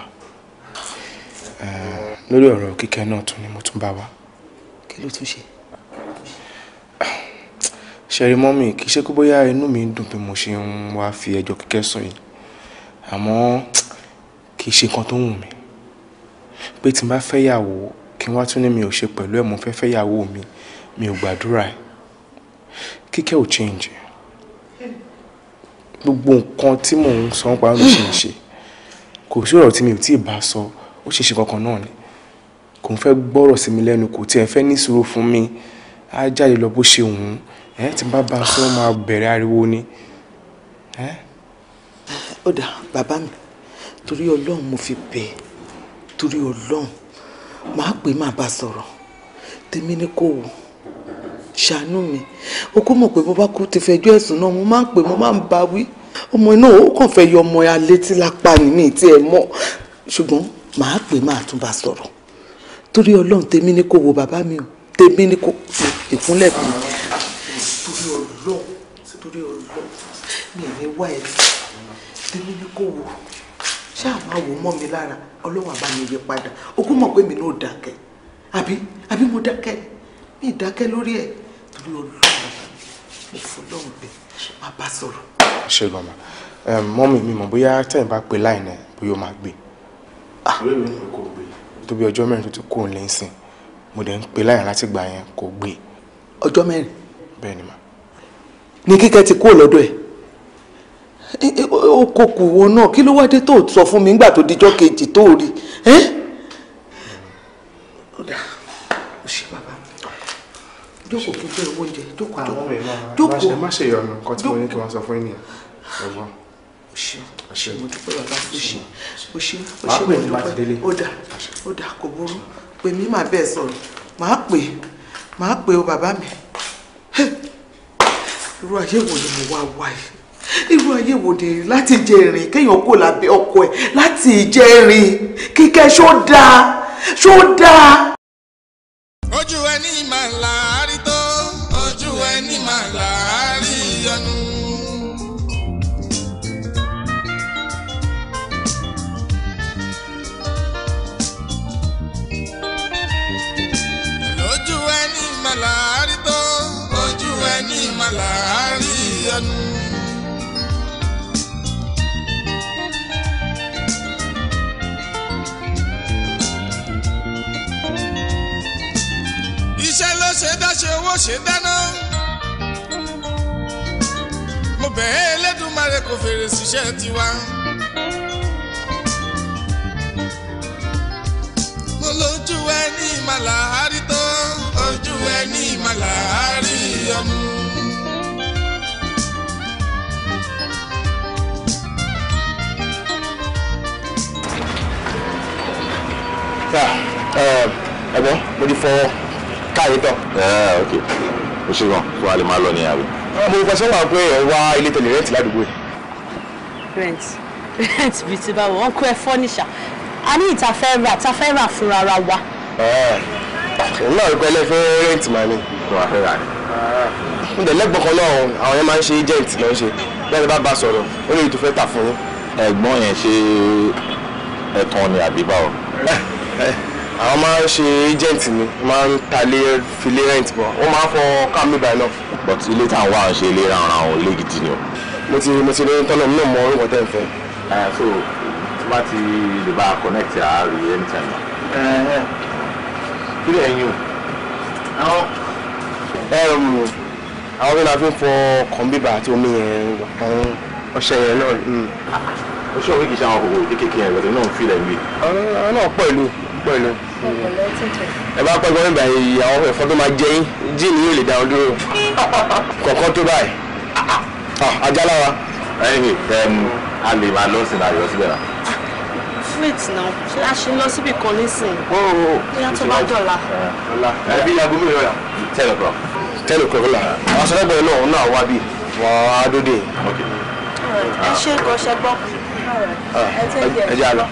Eh, lórí ọ̀rọ̀ kíkẹ́ náà tún ni mo tún bá wa. kí ló tún ṣe. ṣẹ̀rí mọ́mì kì í ṣe kó bóyá inú mi ń dùn bí mo ṣe ń wá fi ẹjọ́ kíkẹ́ sùn yìí àmọ́ kì í ṣe nǹkan tó wù mí pé tí n bá fẹ́ yàwó kí n wá tún ní mi ò ṣe pẹ̀lú ẹ̀ mo fẹ́ fẹ́ yàwó mi mi ò gbàdúrà ẹ̀ kíkẹ́ ò change gbogbo nǹkan tí mò ń sọ ń pa ló ṣe ń ṣe kò sí ọ̀rọ̀ tí mi ò tíì bá sọ. So ó ṣèṣe kankan náà ni kò ń fẹ́ gbọ́rọ̀ sí mi lẹ́nu kò tiẹ̀ fẹ́ ní sùúrù fún mi á jáde lọ bó ṣe wù ú ẹ tí bá bá sọ máa bẹ̀rẹ̀ ariwo ni. ó dà bàbá mi torí ọlọ́run mo fi bẹ̀ ẹ́ torí ọlọ́run màá pè má bá sọ̀rọ̀ tèmi ni kò wò ṣàánú mi o kò mọ̀ pé mo bá kú ti fẹjọ́ ẹ̀sùn náà mo máa ń pè mo máa ń bá wí ọmọ náà ó kàn fẹ́ yọ ọmọ alé tí lápá ni mi ì tiẹ̀ ṣùgbọ́n màá pè máa tún bá sọ̀rọ̀ torí ọlọ́run tèmi ni kò wo bàbá mi o tèmi ni kò fi ìkúnlẹ̀ mi. torí ọlọ́run torí ọlọ́run mi ò ní wá ẹ̀ tèmi ni kò wo ṣé àwọn àwò mọ́ mi lára ọlọ́run àbá mi yí padà ogún mọ̀ pé mi náà dákẹ́ àbí àbí mo dákẹ́ mi dákẹ́ lórí ẹ̀ torí ọlọ́run mo fọlọ́run bẹ̀ máa bá sọ̀rọ̀. ṣe gbọ́n ma mọ́mì mi mọ̀ bóyá tẹ̀yìn bá pe láì náà bóyá ó máa gbé e tóbi ọjọ́ mẹ́rin tó ti kú òun lẹ́sìn mo dẹ̀ ń pe láyà láti gbà yẹn kò gbé. ọjọ́ mẹ́rin. bẹ́ẹ̀ ni ma. ni kíkẹ́ ti kú lọ́dọ̀ ẹ̀ ó kò kù wọn náà kí ló wá dé tó sọ fún mi nígbà tó dijọ́ kejì tó rí ẹ́. jókòó kí n fẹ́ owó oúnjẹ jókòó àwọn jókòó má ṣe ìyọnu nǹkan mo ní kí wọ́n sọ fún ènìyàn ẹ̀gbọ́n ṣe mo dúpẹ́ bàbá tó ṣe o ṣe o ṣe mo dúpẹ́ ó dà ó dà kò burú pè mí màá bẹ́ẹ̀ sọ̀rọ̀ màá pè màá pè o bàbá mi irú ayé wo ni mo wá wá yìí irú ayé wo ni láti jẹ ìrìn kéèyàn kò lábẹ́ ọkọ ẹ̀ láti jẹ ìrìn kíkẹ́ ṣó dáa ṣó dáa. ojú ẹni màá là á العاليا iṣẹ́ ló ṣe dáṣe owó ṣe dáná mo bẹ̀ẹ́ Elédùmarè kò fèrè síṣẹ́ tiwa. mo ẹ ní ìmàlà àárítọ́ ojú ẹ ní ìmàlà àárí Uh, ẹ̀gbọ́n mo ti fọ káyé tán. Ah, ok o ṣe gan fún alẹ́ máa lọ ní àárẹ̀. Ah, mo kọ sọ́wọ́n àwọn pé ẹ̀ wá ilé tẹ̀lé rẹ́ǹtì ládùúgbò yìí. rent rent bíi ti báwo wọn kó ẹ fọ́nìṣà a ní ìta fẹ́ rà ta fẹ́ rà fúnra ra wa. Ah, òun náà rí pẹ́lẹ́ fẹ́ rẹ́ǹtì máa ní. mo wà fẹ́ rà ni. n dẹ̀ lẹ́gbọ̀n kan náà àwọn yẹn máa ń ṣe agent náà ṣe bẹ́ẹ̀ bá bá sọ̀rọ̀ ó lè tó fẹ́ tà fún yín. ẹ̀gbọ́n yẹn ṣe ẹ̀tàn ni àbí báwo. Eh, àwọn máa ń ṣe agent ni máa ń talé filé rent bọ̀ wọ́n máa ń fọ kámi by love. but ilé táwọn wá ń ṣe ilé ránran ò lé gidi ni o. mo ti mo ti rí tọ́lọ̀ mi náà mọ orúkọ tẹ́ ń fẹ́. Eh, so tí bá ti lè bá a connect àárí anytime. Eh, kí lè yín o. àwọn um, àwọn bí wọn fi ń fọ kọ̀ǹbíbà àti omi yẹn àwọn ọṣẹ yẹn náà. ó mm. ṣe òwe kìí ṣe àwọn kòkòrò kékeré yẹn lọ́dún náà ń fi ilẹ̀ ń gbé. ọ̀nà ìlú pẹ̀lú. ẹ bá pẹ́ gbọ́dọ̀ báyìí àwọn ẹ̀fọn tó máa jẹ yín jíìnì yóò lè dá wọn dúró kọ̀ọ̀kan tó báyìí ah, ajáláwa. ẹyìn a lè máa lọ sí ìlànà síbẹ̀ náà. wait now ṣé a ṣe ń lọ síbi kan nísìnyí. ó ó bóyá tó bá dọ̀la. ọ̀la ẹ bí aago mélòó yà. ten o'clock. ten o'clock la àwọn sọ́dọ̀gbọ̀n náà òun náà wá bí á dóde. ẹ ṣe é kọ́ ṣe gbọ́. Ah, ẹ jẹ́ àlọ́.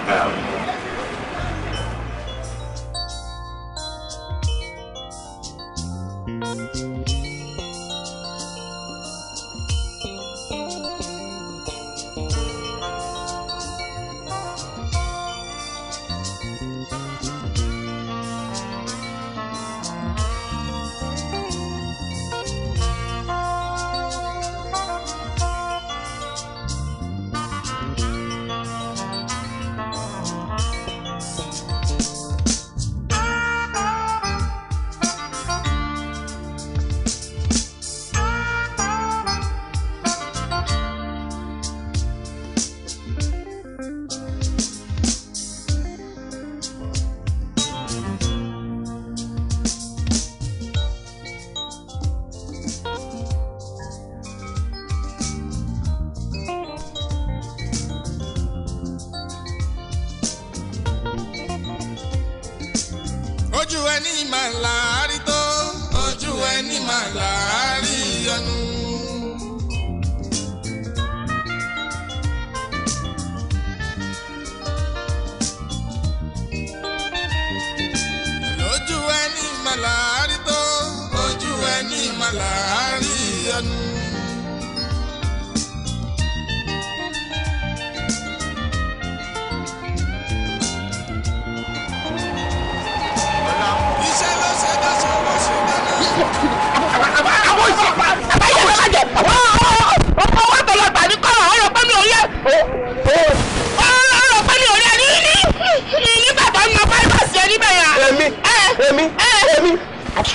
Bọ́sẹ̀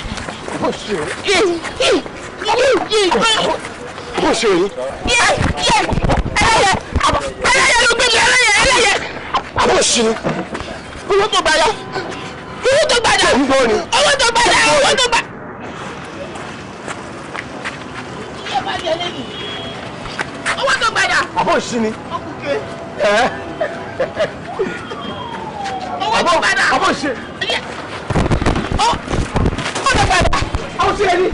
bọ́sẹ̀ What is not ẹni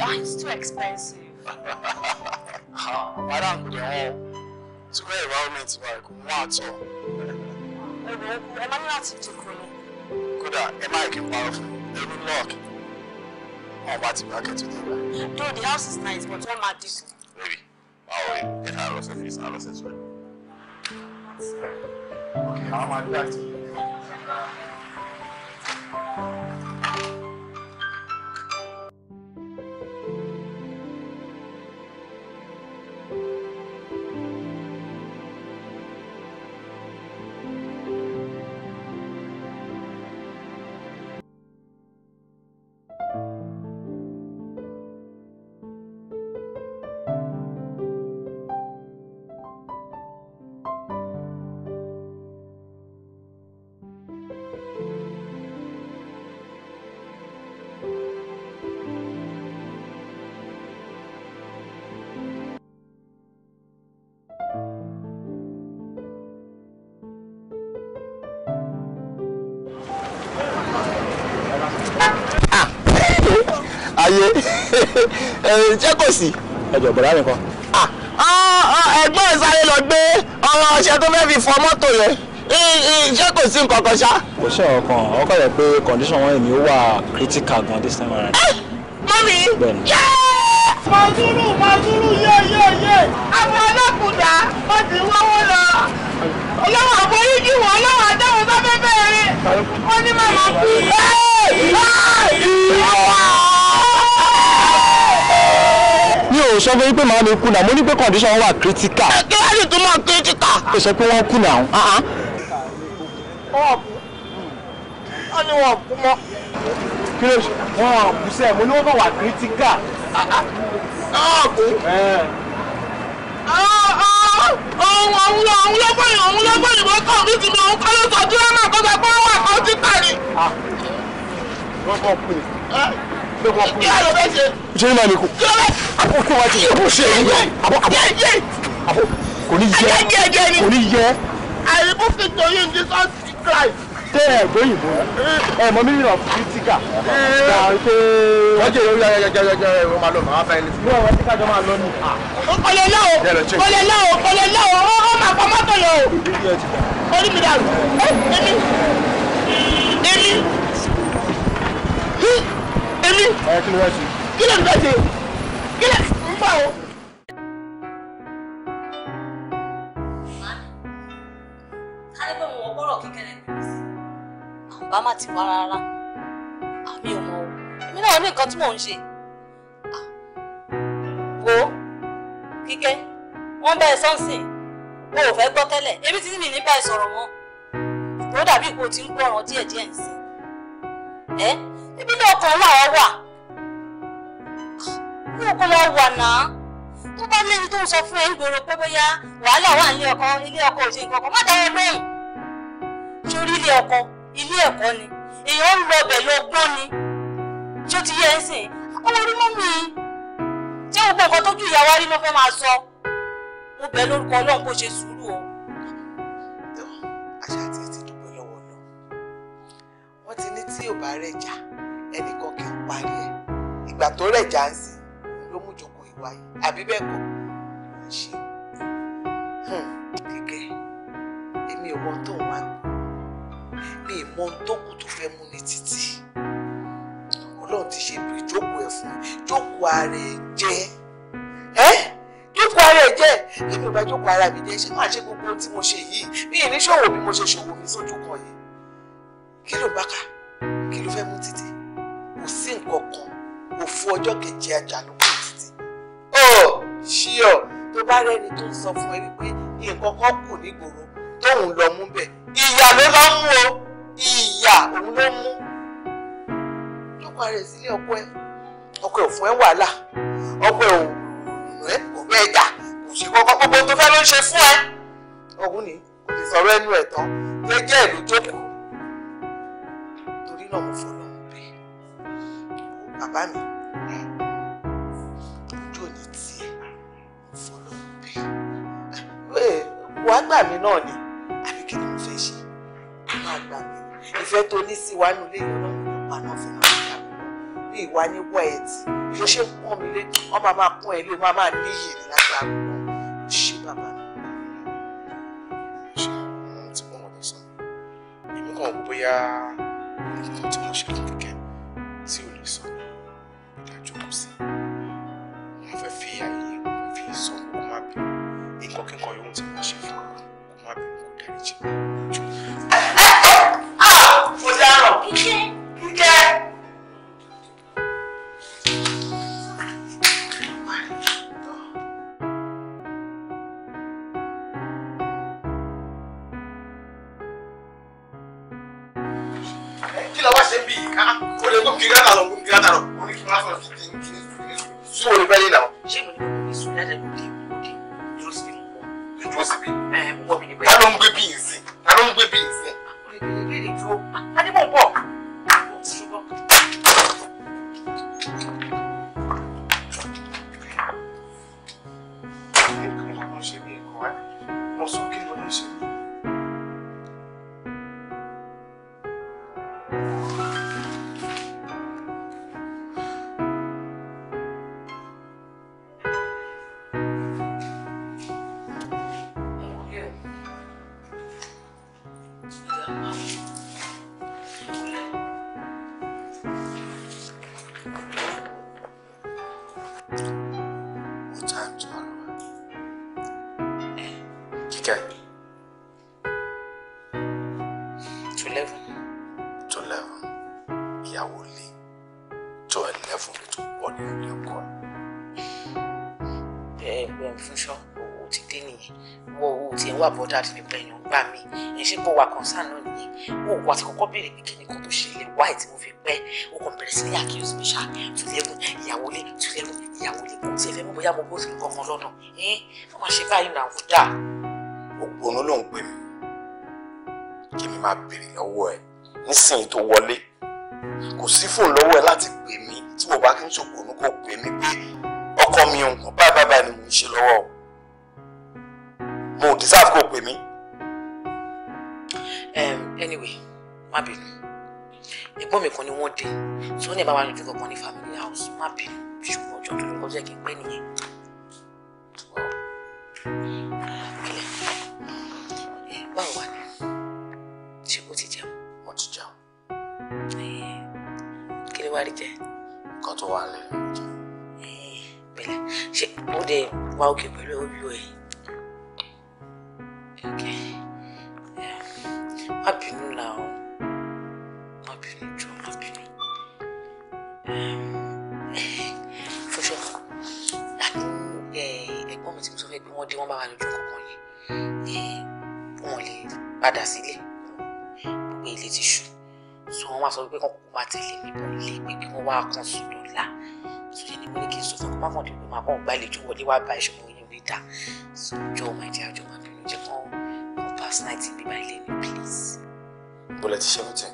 ah, it's too expensive. Ah, madam, ṣùgbọ́n environment wa kò mú àtọ̀. ẹ máa ní láti dìkù ni. kódà ẹ má kí n parọ́ fún ẹrú lock wọn bá ti bá kẹtù dé wa. though the house is nice but wọ́n máa dìkù. lórí báwo ni ẹ á lọ sí fèsì á lọ sí ẹsùn. ok àwọn máa dá ti. ṣé kò sí. ẹ jọ bọ̀dá mi kan. ẹ̀gbọ́n sáré lọ gbé ọmọ ọṣẹ tó fẹ́ẹ́ fi fọ mọ́tò yẹn ṣé kò sí nǹkan kan ṣá. kò ṣe ọkàn ọkọ rẹ pé condition wọn èmi ó wà critical gan this time around. mọ́mí mọ̀dúrú mọ̀dúrú yéyéyé àwọn alákùdá wọ́n ti wọ́wọ́ lọ ọlọ́wọ́ àforíjì wọ́n ọlọ́wọ́ àdáhùn sáfẹ́fẹ́ rẹ̀ wọ́n ní màmá kú. sọ fún yín pé màá mi kùnà mo ní pé condition wọn wà critical. kí wàá sì tún mọ critical. kò sọ pé wọ́n kùnà ọ̀hún. Uh-huh. wọ́n kú wọ́n ní wọ́n kú mọ́. kí ló ṣe wọ́n kú sẹ́ẹ̀ mo ní wọ́n kàn wà critical. wọ́n kú ohun ọ̀hún lọ ọ̀hún lọ́gbọ̀nyìn ọ̀hún lọ́gbọ̀nyìn bó kàn ní tìmọ̀ ọ̀hún kọ́lọ́sọ̀ dúró náà kọ́sọ̀ pé wọ́n wà kọ́ ti kàrí pé wọ́n kú. yàrá ṣe. ní màmí kú. àbò kí wọ́n ti ṣe kó ṣe èyí. àbò àbò àbò kò ní yẹ kò ní yẹ. àyíkú fi torí ní sọ́ọ̀tì christ. tẹ́ ẹ̀ gbóyìnbó ẹ̀ mọ mílíọ̀nù ọ̀f kìtìkà. Eh. wọ́n jẹ́ ìrora yẹ́yẹ́yẹ́yẹ́ ìwọ máa lọ màá bá ẹni sí. ní ọ̀rọ̀ tíkà jọ máa lọ ní. kọlẹ̀ náà kọlẹ̀ náà kọlẹ̀ náà ó máa pọ̀ mọ́tò lọ. orí mi dàrú. Eh, èmi èmi ní. ẹ kí ló fẹ́ ṣe. kí ló ń bẹ̀ ṣe kí ló ń bá o. bá má ti wá rárá àmì ò mọ̀ èmi náà ní nǹkan tí mò ń ṣe ah, wo kíkẹ́ wọ́n bẹ́ẹ̀ sọ́nsìn wo ò fẹ́ gbọ́ tẹ́lẹ̀ èmi ti ní ní báyìí sọ̀rọ̀ mọ́ ó dàbí ipò tí ń gbọ́ràn díẹ̀díẹ̀ ń sìn ẹ́ ibi náà kan wà ọ wà ní òkú lọ wà náà tó bá lẹ́yìn tó ń sọ fún ẹ ìgboro pé bóyá wàhálà wà nílé ọkọ ilé ọkọ ò ṣe nǹkan kan má dáwọ́ lóhùn torí ilé ọkọ ilé ẹ̀kọ́ ni èèyàn ń lọ ọbẹ̀ lọ gbọ́n ni tí ó ti yẹ ẹ́ sìn ọmọ orí mọ́ mi tí ó gbọ́ nǹkan tójú ìyá wa rí ló fẹ́ máa sọ mo bẹ̀ lórúkọ ọlọ́run kó ṣe sùúrù o. àṣà àti ètò lọ́wọ́ lọ wọ́n ti ní tí ò bá rẹ̀ jà ẹnìkan kì í parí ẹ̀ ìgbà tó rẹ̀ já ń sìn ló mú jòkó ìwà yìí àbí bẹ́ẹ̀ kọ́ ló ń ṣe hmm, kíkẹ́ èmi ò wọn tó ń wá mi ì mọ ohun tó kù tó fẹ́ mú ní títì ọlọ́run ti ṣe bí jókòó ẹ̀ fún jókòó ara ẹ̀ jẹ́ ẹ́ jókòó ara ẹ̀ jẹ́ èmi ò bá jókòó ara mi jẹ́ ṣé máa ṣe gbogbo ohun tí mo ṣe yìí mi ì ní ṣòwò bí mo ṣe ṣòwò mi sójú kan yìí kí ló bá kà kí ló fẹ́ mú títì kò sí nǹkan kan kò fún ọjọ́ kejì àjàlùkù títì. ó oh, ṣíọ tó bá rẹ́ni tó ń sọ fún ẹ wípé nǹkan kan kù nígboro tóun lọ mú bẹ̀ ìyà ló lọ mú o ìyà òun ló mú. lọ́kọ rẹ̀ sílé ọkọ ẹ ọkọ ẹ fún ẹ wàhálà ọkọ ẹ ò rẹ kò bẹ ẹ dà kò ṣe kọ́kọ́ gbogbo tó fẹ́ ló ń ṣe fún ẹ. òun ni kò lè sọ̀rọ̀ ẹnu ẹ̀ tán jẹ́jẹ́ ìlú jókòó torí náà mo fọ̀rọ̀ bàbá mi ojú ò ní tiẹ̀ fọlọ́ bí wàá gbà mí náà ni àbí kí ni mo fẹ́ ṣe wàá gbà mí ìfẹ́ tó ní sí wa nílé ìrọ̀lẹ́ ìpá náà fẹ́ náà ṣe àbúrò bí ìwà ní wẹ́ẹ̀tì ló ṣe ń pọ́n mi lé wọ́n máa máa pọ́n ẹ lé wọ́n máa níyì ní lágbára náà ṣé bàbá mi. ṣé mo ti mọ̀ wọ́n lọ sọ èmi kàn wò bóyá nǹkan tí sí mo fẹ́ fi àyè mo fẹ́ fi sọ kó má bínú nǹkan kíkan yòówù tí mo ṣe fún ọ kó má bínú kó level to what you have gone. bẹ́ẹ̀ bẹ́ẹ̀ fúnṣọ́ owó ti dé nìyẹn wọ owó tí ẹ wà bọ́dà àti pípẹ́ èèyàn gbà mí ẹ ṣe bó wa concern náà nìyẹn wọ́n wà tí kọ́kọ́ béèrè pé kí ni kan tó ṣẹlẹ̀ wáì tí mo fi pẹ́ o kàn bẹ̀rẹ̀ sí ní accuse mi ṣá tún lẹ́rù ìyàwó lé tún lẹ́rù ìyàwó lé kò tí ẹ fẹ́ mú bóyá mo bó ti nǹkan kan lọ́nà ẹ wọ́n máa ṣe báyìí náà kó dáa. ògbónú ló ń pè mí kí mi máa béèrè lọ́wọ́ ẹ nísìnyí tó wọlé kò sí fóònù lọ́wọ́ ẹ láti pè mí tí mo bá kí n ṣòkò ní kò pè mí pé ọkọ mi nǹkan báyìí báyìí báyìí ni mò ń ṣe lọ́wọ́ mo deserve kò pè mí. anyway má bínú ẹ̀gbọ́n mi kan ni wọ́n dé tí wọ́n ní bàbá lójú kankan ní family house má bínú ṣùgbọ́n ọjọ́ tó lọ kọjá kí n pẹ́ nìyẹn. báwo nǹkan tó wà lẹ́nu jẹ. bẹ́ẹ̀ ṣe ó dé wá òkè pẹ̀lú olú ẹ̀. má bínú la o má bínú jọ má bínú. fúnṣọ àti ẹ̀gbọ́n mi tí mo sọ fẹ́ pé wọ́n dé wọ́n bá wà lójú kọ̀ọ̀kan yìí wọ́n lè padà sílé gbogbo ilé ti ṣú so wọn wá sọ pé kàn kó wá tẹ̀lé mi bọ̀ nílé pé kí wọ́n wá kàn sùn lọ́la so yẹn ni mo ní kí n sọ fún ọmọ kan pé màá kàn gbàlejò wọlé wá bá ìṣòro yẹn rí dá so jọ ọmọ ìdí àjọ máa bínú jẹ kàn kàn pass night bí bá ilé mi please. bọ́lá ti ṣe ọtí.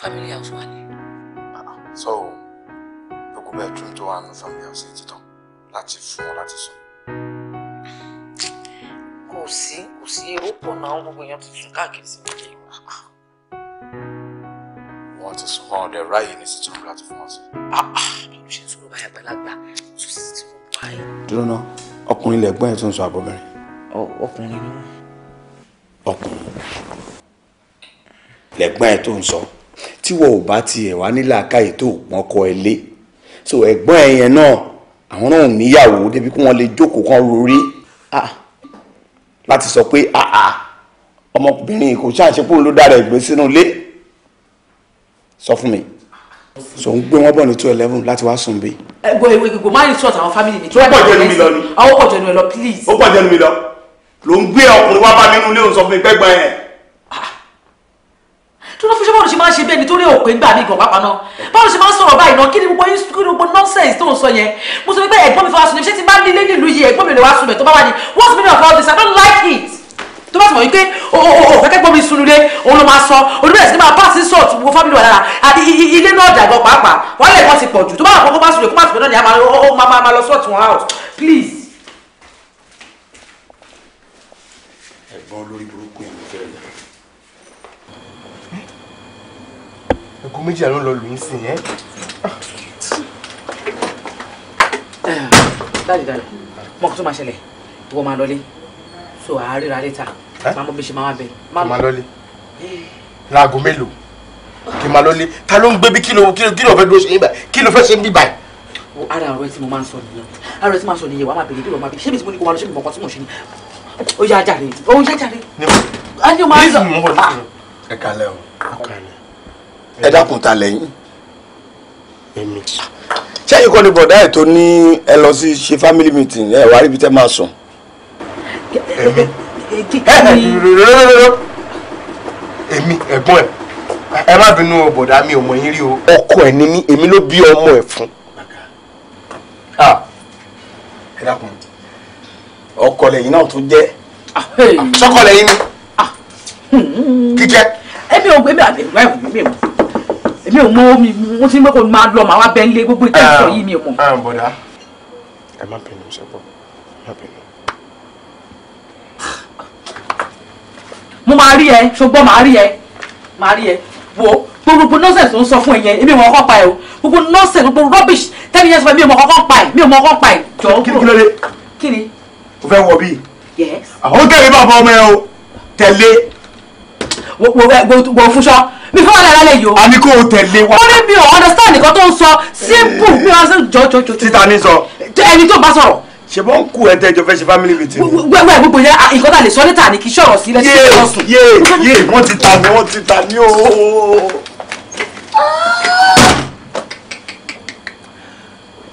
family house wà ní. Ah, ah. so gbogbo bedroom tó wà nù family house yìí ti tán láti fún ọ láti sùn kò sí kò sí eré pọ̀ náà gbogbo èèyàn tuntun káàkiri sí mi wọ́n ti sùn ọ̀dẹ̀ ráyè ní sí tún láti fún wọn sí. ṣé n sọ̀rọ̀ báyà gbàlagbà tó sì ti mú báyìí. dúró ná ọkùnrin lẹ́gbọ́n ẹ̀ tó ń sọ àbọ̀bẹ̀rẹ̀. ọkùnrin ni wọ́n. ọkùnrin lẹ́gbọ́n ẹ̀ tó ń sọ tí ò bá tiẹ̀ wá nílà káyè tó pọn kọ ẹ lé so ẹ̀gbọ́n ẹ̀ yẹn náà àwọn náà níyàwó débi kí wọ́n lè jókòó kan rorí láti sọ pé ọmọkùnrin kò ṣàṣepọ̀ ló dára ẹ̀gbẹ́ sínú ilé sọ fún mi so ń gbé wọn bọ̀ ní two eleven láti wá sùn bí. ẹ gbọ́ ìwé gbogbo máa ń sọ̀tà àwọn fámìlì mi. tó pọ̀ jẹ́nu mi lọ ni. àwọn pọ̀ jẹ́nu ẹ lọ please. ó pọ̀ jẹ́nu mi lọ ló ń gbé ọkùnrin wá bá mi nínú ilé òun sọ fún mi gbẹ́gbẹ́ yẹn. Ah. tó lọ́ fi ṣé báwo ló ṣe máa ń ṣe bẹ́ẹ̀ nítorí òpè ń gbà mí gan pápá náà báwo ló ṣe máa ń sọ̀rọ̀ báyìí náà kí ni gbogbo kí ni gbogbo nonsense tó ń sọ yẹn mo sọ pé ẹ̀gbọ́n mi fọwọ́ sùn ní ṣé ti bá nílé nílùú yìí ẹ̀gbọ́n mi lè wá sùn mẹ́ tó bá wà ní what's the meaning of all this I don't like it tó bá ti mọ̀ wípé òkèké gbọ́mi sunulé òun ló máa sọ oníbẹ̀rẹ̀ sí máa bá sí sọ̀t wo fámìlì wà lára àti ilé náà dàgbọ́ pàápàá wọ́n lè wọ́n ti pọ̀ jù tó bá wà kókó bá sunulé kó má sunulé náà ni a máa lọ sọ̀t wọn out please. ẹ̀gbọ́n lórí burúkú yìí ló fẹ́ẹ́ lọ. ẹ̀gún méjìlá ló lọ lù ú sí yẹn. dáàdì dáàdì mọ̀ kó tó máa ṣẹlẹ̀ ìwọ máa lọlé so àárẹ̀ra eh? lẹ́tà máa mọ bí ṣe máa bẹ̀. kí máa lọ́lé láago mélòó kí máa lọ́lé ta ló ń gbé bí kí ló kí ló fẹ́ dúró ṣe yín kí ló fẹ́ ṣe ń bí báyìí. ara ọ̀rọ̀ tí mo máa ń sọ nìyẹn ara ọ̀rọ̀ tí mo máa ń sọ nìyẹn wàá máa bèrè kí ló máa bí ṣé mi ti mú ní kó máa lọ ṣé mi mọ̀ nǹkan tí mò ń ṣe ni ó yá jàre ó yá jàre. Ah. ẹ o ẹ dákun ta lẹ́yìn ṣé ikọ̀ ni bọ̀dá ẹ̀ tó ní ẹ lọ sí ṣe family meeting ẹ wá ríbi tẹ́ máa sùn èmi èmi ẹ̀gbọ́n ẹ̀ ẹ má bínú o bọ̀dá mi ò mọ̀ yín rí o. ọkọ ẹ̀ ni mí èmi ló bí ọmọ ẹ̀ fún. ẹ dákun ọkọ lẹ́yìn náà tó jẹ́ sọ́kọ lẹ́yìn mi kíkẹ́. ẹ̀mi ò gbẹ́mí àbẹ̀wò ẹ̀mí ò èmi ò mọ omi mo ti ń gbé kó máa lọ màá wá bẹ́ńlé gbogbo ìtẹ́sọ̀ yìí mi ò mọ̀. bọ̀dá ẹ má bínú ṣe bọ̀ ẹ má bínú. mo máa rí ẹ ṣùgbọ́n máa rí ẹ máa rí ẹ wo gbogbo nọ́ọ̀sẹ̀ tó ń sọ fún ẹ yẹn èmi ò mọ ọkọ pa ẹ o gbogbo nọ́ọ̀sẹ̀ gbogbo rubbish tẹ́lẹ̀ yẹn sọ fún mi ò mọ ọkọ pa ẹ mi ò mọ ọkọ pa ẹ jọ kúrò kí ló dé kí ni. o fẹ́ wọ bí. àwọn kẹ́mi bá fọ ọmọ ẹ o tẹ̀lé. wo wo wo, wo, fúnṣọ mi fún ọ̀la lálẹ́ yìí o. a ní kó o tẹ̀lé wa. ó ní mi ò understand nǹkan tó ń sọ simple eh. mi ò sọ jọjọjọ. títa ní sọ. ẹni tó bá sọ̀rọ̀ ṣe bọ́ ń kú ẹ̀ tẹ́jọ fẹ́ ṣe family meeting. wẹ́wẹ́ gbogbo yẹn nǹkan tá a lè sọ ni kì í ṣọ̀rọ̀ sí lẹ́sìn tí wọ́n sùn. yéè yéè ti ta ni wọ́n ti ta ni ooo.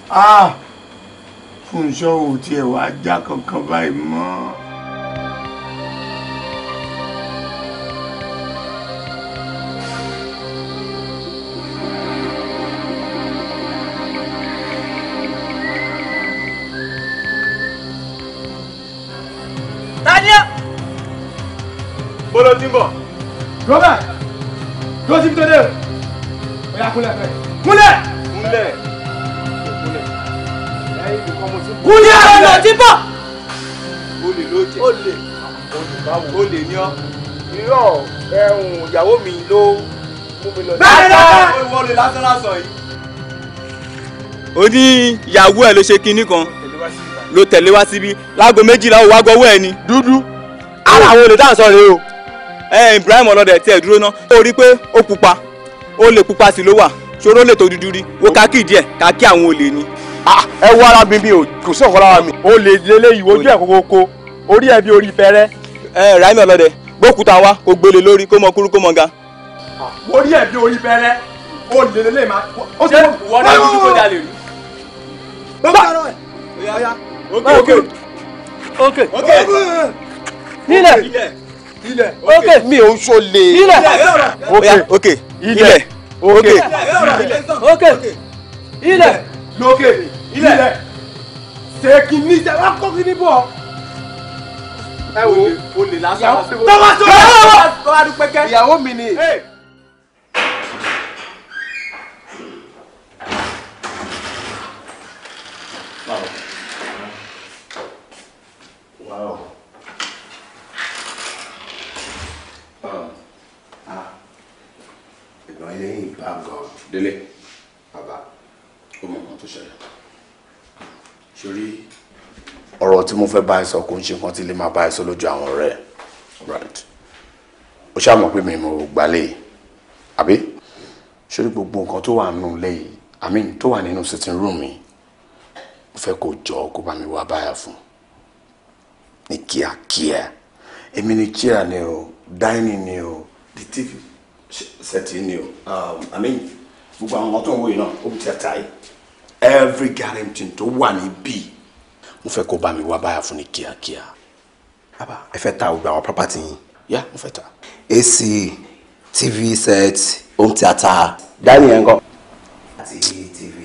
Ah! fúnṣọ́ ò tiẹ̀ wá já kankan báyìí mọ́. ìyàwó mi ló mú mi lọ. bẹ́ẹ̀ ni wọ́n lè lásán lásán yìí. ó ní ìyàwó ẹ̀ ló ṣe kinní kan ló tẹ̀lé wá síbí láago méjìlá ó wá gbọ́wọ́ ẹ̀ ni dúdú ara àwọn olè dáhùn sọ̀rọ̀ o. ẹ Ibrahim ọlọ́dẹ tiẹ̀ dúró ná ó rí pé ó pupa ó lè pupa sí ló wà ṣòro lè tó dúdú rí wo kákì díẹ̀ kákì àwọn olè ni. ẹ wo ara mi mi o kò sí ọ̀kan lára mi. olè lélẹ́yìí ojú ẹ̀ kókó orí ẹ̀ bí orí fẹ́rẹ́. Ibrahim ọlọ́dẹ gbókúta wa kó gbélé lórí kó mọ kúrú kó mọ ga. Ah, mo rí ẹbí orí bẹ̀rẹ̀ o lè lè lè máa. ó ṣe wọ́n náà lójú kó dalè rí. bá a ok ok ok nílẹ̀ ilẹ̀ ok mi ò so le ilẹ̀ ok ok ilẹ̀ ok ok ilẹ̀ lókè ilẹ̀ ṣèkì níjà wà kókì níbọ̀ ẹ wo olè lásán wá sí wo. tọ́wọ́ tó yà wọ́n wá dúpẹ́ kẹ́. ìyàwó mi ni. Wow. Um, ah. Ìgbọ̀n ilé yìí bá gan. Délé. Bàbá. Ó mọ̀ nǹkan tó ṣẹlẹ̀. Ṣorí ọ̀rọ̀ tí mo fẹ́ bá ẹ sọ kò ń ṣe nǹkan tí lè máa bá ẹ sọ lójú àwọn ọ̀rẹ́ right o ṣàmọ̀ pé mi mo gbalẹ̀ àbí ṣé gbogbo nǹkan tó wà nínú ilé yìí i mean tó wà nínú sitting room mi mo fẹ́ kó jọ kó bá mi wá báyà fún ní kíákíá èmi ni chair ni o dining ni o the tv set ni o um, i mean gbogbo àwọn ọmọ tó wòye náà ó ti ẹ̀ yìí every guarantee tó wà níbí mo fẹ́ kó bá mi wá báyà fún ni kíákíá. bàbá ẹ fẹ́ ta ògbà àwọn property yìí. yá mo fẹ́ ta. ac tv set home theatre dání ẹ̀ ń kọ́. àti tv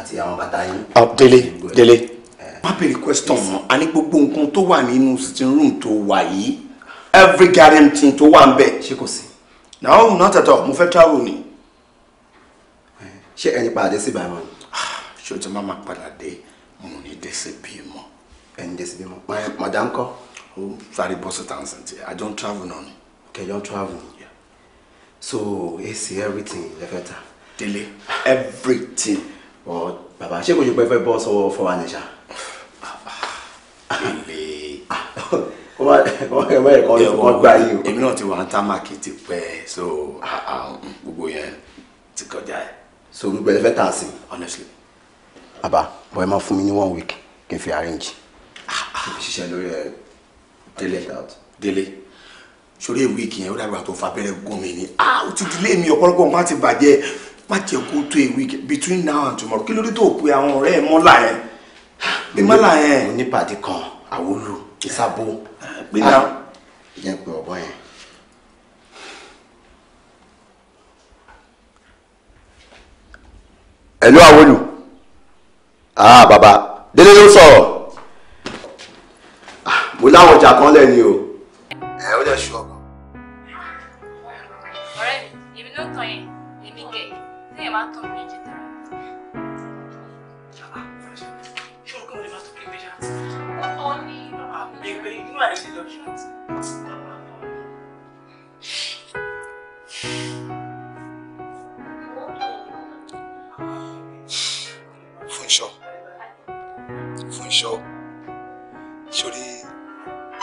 àti àwọn bàtà yín. Ah, délé délé eh. má béèrè question mọ́ a ní gbogbo nǹkan tó wà nínú sitting room tó wà yìí every garden thing tó wà ń bẹ̀. ṣé kò sí. no not at all mo fẹ́ travel ni. Eh, ṣé ẹni padà dé sí ìbámu. Ah, ṣé o ti máa ma padà dé mo ní dé sí bíi And this mọ́ my ń kọ́ ó sáré bọ́ sọ́tà ń sàn tiẹ̀ travel none. Okay, you don't travel yeah. so he see everything lẹ́fẹ̀ẹ́ Daily, everything. ọ bàbá she go ṣe pé fẹ́ bọ́ for fún wa nìṣá. délé. kọ́mọ ẹ̀kọ́ ìfọwọ́ gbá yìí o. èmi náà ti wà ń tá màkì ti pẹ́ so gbogbo go ti kọjá ẹ̀. so we ẹ̀ fẹ́ honestly. bàbá bọ́ ẹ máa fún one week can n fi arrange mo ṣiṣẹ́ lórí ẹ délé délé sórí èwì kìyẹn ó dàgbà tó fa abẹ́rẹ́ gún mi ni ah ó ti dilé mi ọ̀pọ̀lọpọ̀ nǹkan ti bàjẹ́ má jẹ́ kó tó èwì between now and tomorrow kí ló dé tó pe àwọn ọ̀rẹ́ ẹ mọ́là ẹ bí mọ́là ẹ. mo ní pàdé kan àwòlù ìsàbò ìyẹn pé ọ̀bọ yẹn. ẹ̀lú àwòlù ah bàbá délé ló sọ̀rọ̀ mo láwọn ọjà kan lẹ́ni o. ẹ ó dẹ̀ ṣú ọkàn. ọ̀rẹ́ mi èmi ló tàn yẹn èmi kẹ̀ ní ẹ̀ máa tàn mí jẹ tẹ̀rẹ̀. ṣé o kí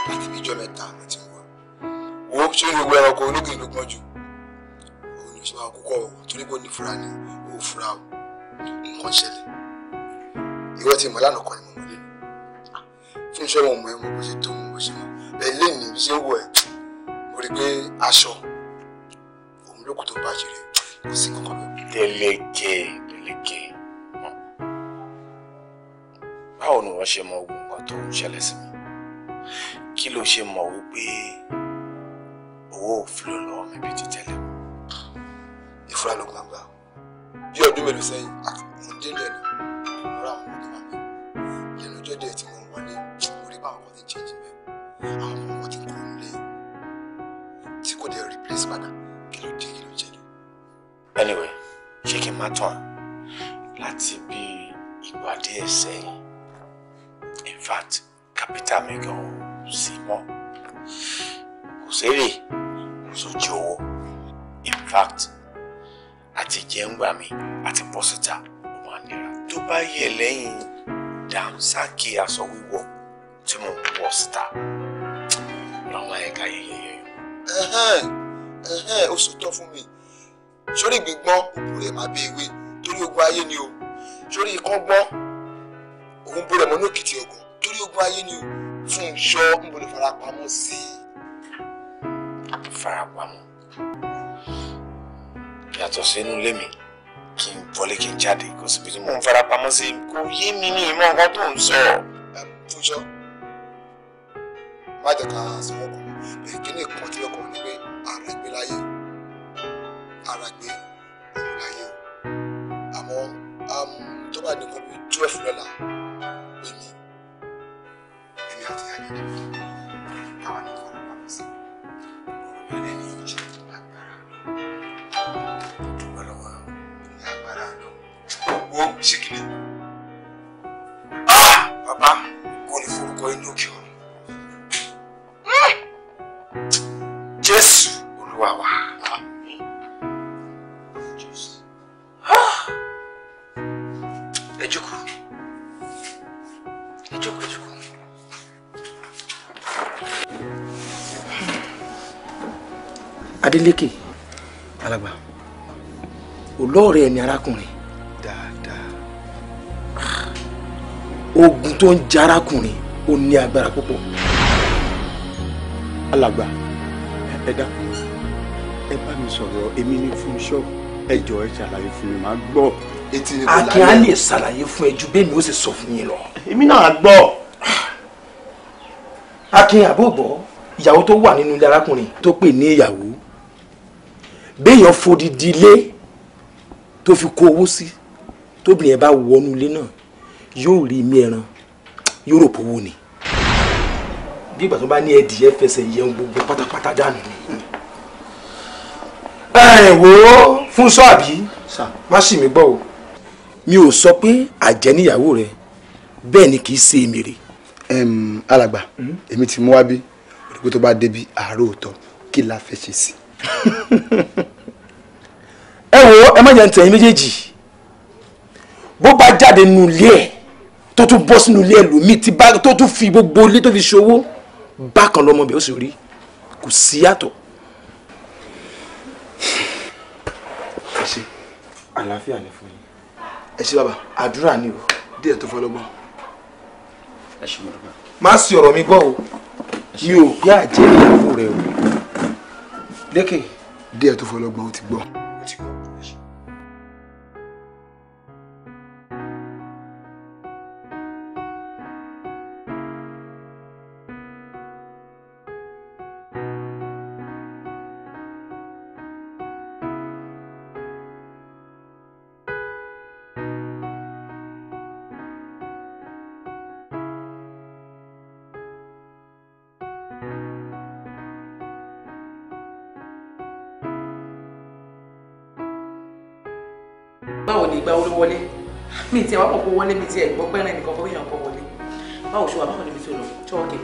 láti bí ijọ́ mẹ́ta àti wà wo tí ó lè wọ ẹranko onígbè ló gbọ́n jù òun ni ó ṣe máa kókọ́ ọ̀ torí pé ó ní fura ni ó fura o nǹkan ṣẹlẹ̀ ìwọ ti mọ̀ lánàá kan ni mo mọ̀ lé fún iṣẹ́ wọn mọ̀ ẹ́ mọ̀ bó ṣe tó mọ̀ bó ṣe mọ̀ bẹ́ẹ̀ lé ní ṣé wọ ẹ̀ mo rí i pé aṣọ òun ló kù tó bá ṣe rẹ̀ kò sí kankan bẹ́ẹ̀. lẹ́lẹ́kẹ̀ lẹ́lẹ́kẹ̀ báwo ni wọ́n ṣe mọ ogun kan tó ń ṣẹlẹ̀ sí mi kí ló ṣe mọ̀ wípé owó ò fi lọ́wọ́ mi bíi ti tẹ́lẹ̀. ìfura ló gbangba bí ọdún mélòó sẹ́yìn mo dé lẹ́nu mo àwọn ọmọdé màmí lẹ́nu ọjọ́ díẹ̀ tí mo ń wọlé mo rí báwọn kan ti jẹ́ jì mẹ́rin àwọn ọmọ wọn ti kúrò nílé tí kò dé replace padà kí ló dé kí ló jẹ́ lé. anyway ṣé kí n má tán láti bí ìgbà díẹ̀ sẹ́yìn in fact capital mi gan-an sí mọ́ kò sérè kò sójú owó in fact àti jẹ́ngbà mi àti pọ́sítà ó máa nira tó bá yẹ lẹ́yìn dàmsákì aṣọ wíwọ tí mo wọ síta làwọn ẹ̀ka yẹyẹyẹ. ó sọ tán fún mi sórí gbígbọ́n òbú rẹ̀ máa bẹ ewé torí ogun ayé ni o sórí ikán gbọ́n òun bó rẹ̀ mọ́ ní òkìtì ogun torí ogun ayé ni o tún yọ níbo ló farapamọ́ sí i àbí farapamọ́ yàtọ̀ sí inú ilé mi kí n wọlé kí n jáde kò síbi tí mò ń farapamọ́ sí kò yé mi ní ìmọ̀ nǹkan tó ń sọ. fúnṣọ má jẹ́ ká sọ ọkùnrin bẹ́ẹ̀ kí ni ìkan tí ọkùnrin ní pé ara gbé láyé ara gbé láyé o tó bá ní nǹkan bíi twelve wo ṣé kí ni. Ah! bàbá kò ní forúkọ inú òkè ọ̀run. lékè alàgbà olóòrè ẹni arákùnrin dáadáa ogun tó ń jẹ arákùnrin ó ní agbára púpọ̀ alàgbà ẹ dákun ẹ bá mi sọ̀rọ̀ èmi ní fún ṣọ́ọ̀bù ẹ jọ ẹ ṣàlàyé fún mi màá gbọ́. akin á lè ṣàlàyé fún ẹ ju bẹ́ẹ̀ ni ó sì sọ fún yín lọ. èmi náà gbọ́. akin àbòbọ̀ ìyàwó tó wà nínú ilé arákùnrin tó pè ní ìyàwó béèyàn fodidi ilé tó fi kó owó sí tóbìnrin bá wọnú ilé náà yóò rí imí ẹran yóò rò pówó ni bí ìgbà tó bá ní ẹdìyẹ fẹsẹ̀ yẹun gbogbo pátápátá dànù ni. ẹ wo fún sọ àbí má sì mí gbọ́ o mi ò sọ pé àjẹ́ níyàwó rẹ bẹ́ẹ̀ ni kì í ṣe èmi rè. alàgbà hmm? èmi ti mú wá bí olùkó tó bá débi àárò òótọ́ kí la fẹ́ ṣe sí i ẹ wo ẹ má jẹ́ ntẹ̀yìn méjèèjì bó bá jáde nù ilé ẹ̀ tó tún bọ́ sínú ilé ẹ̀ lómi tó tún fi gbogbo ilé tó fi ṣòwò bákan lọ́mọbìnrin ó sì rí kò sí yàtọ̀. ẹ ṣe àlàáfíà ni fún yín. ẹ ṣe bàbá àdúrà ni o díẹ̀ tó fọlọ́gbọ́n. ẹ ṣe mọ̀ lọ́gbà. má sì ọ̀rọ̀ mi gbọ́ o mi ò gbé àjẹ́ ìyàwó rẹ o lékè. díẹ̀ tó fọlọ́gbọ́n ó ti gbọ́. mi tiẹ̀ wá kọ̀ọ̀kọ̀ wọlé mi tiẹ̀ gbọ́ pẹ́rẹ́ nìkan fún èèyàn kọ̀ wọlé báwo ṣe wà báwo níbi tí o lọ ṣọwọ́ kẹ.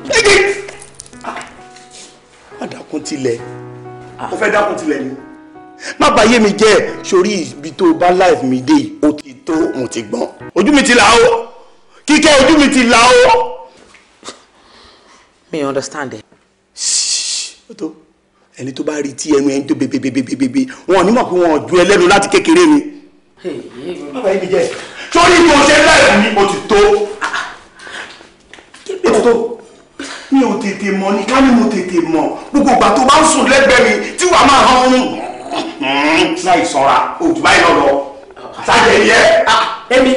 àdàkùn tilẹ̀ ah! mo fẹ́ dákùn tilẹ̀ ni má bàa yé mi jẹ́ sórí ibi tó bá life mi dé o ti tó mo ti gbọ́n ojú mi ti là o kíkẹ́ ojú mi ti là o. mi understand ẹ. ṣíṣ ẹni tó bá rí tí ẹnu ẹni tó bebebebebebe wọn ò ní mọ̀ pé wọn ò ju ẹlẹ́nu láti kékeré ni. bàbá yìí mi jẹ́ sórí ibi òṣè báyìí ni o ti tó o ti tó mi ò tètè mọ̀ ní ká ní mo tètè mọ̀ gbogbo ìgbà tó bá ń sùn lẹ́gbẹ̀ẹ́ mi tí wàá máa hàn ọ́n láì sọ́ra òjò báyìí lọ́lọ́ sáyẹ̀ yẹ. èmi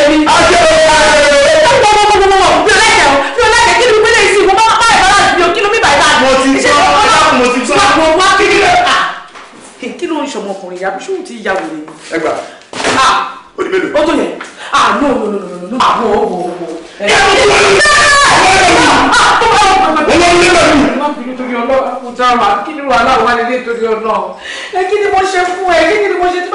èmi. ọjọ́ ìyá rẹ̀ ẹ̀ tó ń bọ̀ bọ̀ bọ̀ bọ̀ bí ọlẹ́kẹ̀ ọ́ bí ọlẹ́kẹ̀ kí ni mo gbélé sí i mo máa bá ìbára àti mi ò kí ló mi bàá ìbára. mo ti sọ mo ti sọ mo wá kí ni. kí ló ń ṣọmọkùnrin yàrá ṣé o ti yà wòlé. ẹ gbà. wá nílé nítorí ọlọ́run. ẹ kí ni mo ṣe fún ẹ kí ni mo ṣe tí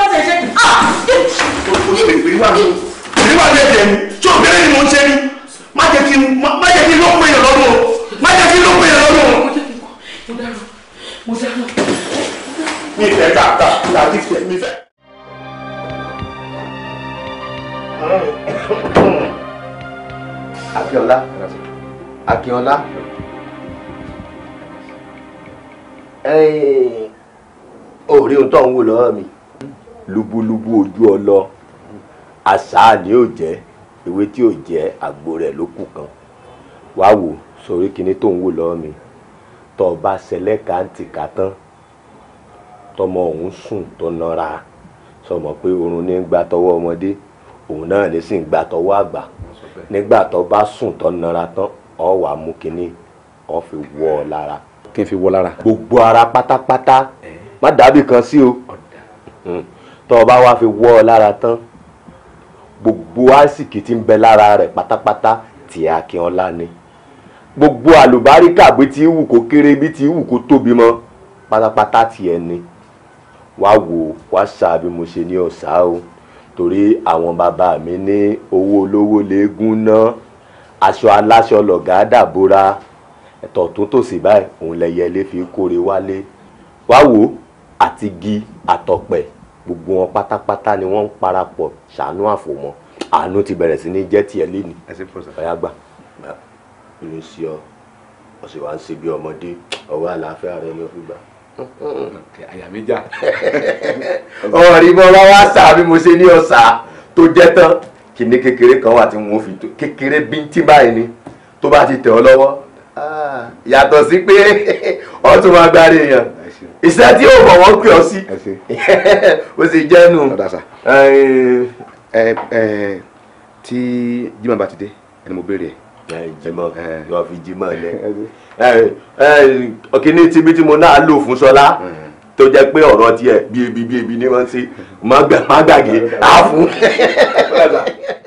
òrí ohun tó ń wò lọ́wọ́ mi lúbúlúbú ojú ọlọ àṣà ni yóò jẹ́ ewé tí yóò jẹ́ àgbo rẹ̀ ló kù kan wá wò sórí kinní tó ń wò lọ́wọ́ mi tó o bá ṣẹlẹ́ka ń tìka tán tọmọ òun sùn tó nara sọmọ pé oorun ní gba tọwọ́ ọmọdé òun náà ní sì ń gba tọwọ́ àgbà nígbà tó bá sùn tó nara tán ọ wàá mú kinní ọ fi wọ ọ lára kí n fi wọ lára gbogbo ara pátápátá má dàbí kan sí o hmm. tó o bá wá fi wọ ọ lára tán gbogbo àsìkí tí ń bẹ lára rẹ̀ pátápátá tí Akínọlá ni gbogbo àlùbáríkà bí ti wù kó kéré bí ti wù kó tóbi mọ́ pátápátá tiẹ̀ ni wá wò wá ṣá bí mo ṣe ní ọ̀sá o torí àwọn bàbá mi ní owó olówó léegun ná aṣọ aláṣọ lọ̀gá dàbora tọ̀tún tòsì báyìí òun lẹyẹ ilé fi kórè wálé wá wò àti gi àtọ̀pẹ̀ gbogbo wọn pátápátá ni wọ́n ń parapọ̀ ṣàánú àfòmọ́ àánú ti bẹ̀rẹ̀ sí ní jẹ́ tiẹ̀ lénìí ọ̀yá gbà inú sí ọ ọ̀sẹ̀ wa ń ṣe bí ọmọdé ọwọ́ àlàáfíà rẹ ni ó fi gbà àyà mi já. ọ̀rì bọ́ wá wá sá bí mo ṣe ní ọ̀sà tó jẹ́ tán kìnní kékeré kan wà tí wọ́n fi tó kékeré bíntín báyìí ni tó bá ti tẹ̀ ọ́ lọ́wọ́ yàtọ̀ sí pé ọ tún máa gbárí èèyàn iṣẹ́ tí yóò bọ̀ wọ́n pè ọ́ sí ó sì jẹ́ nù. tí jimá bá ti dé ẹni mo béèrè ẹ. jimá yóò fi jimá lẹ. ọ̀kìnní tibí tí mo náà lò fún sọlá tó jẹ́ pé ọ̀rọ̀ tiẹ̀ bí ebi bí ebi ni wọ́n ti má gbàgbé àáfún.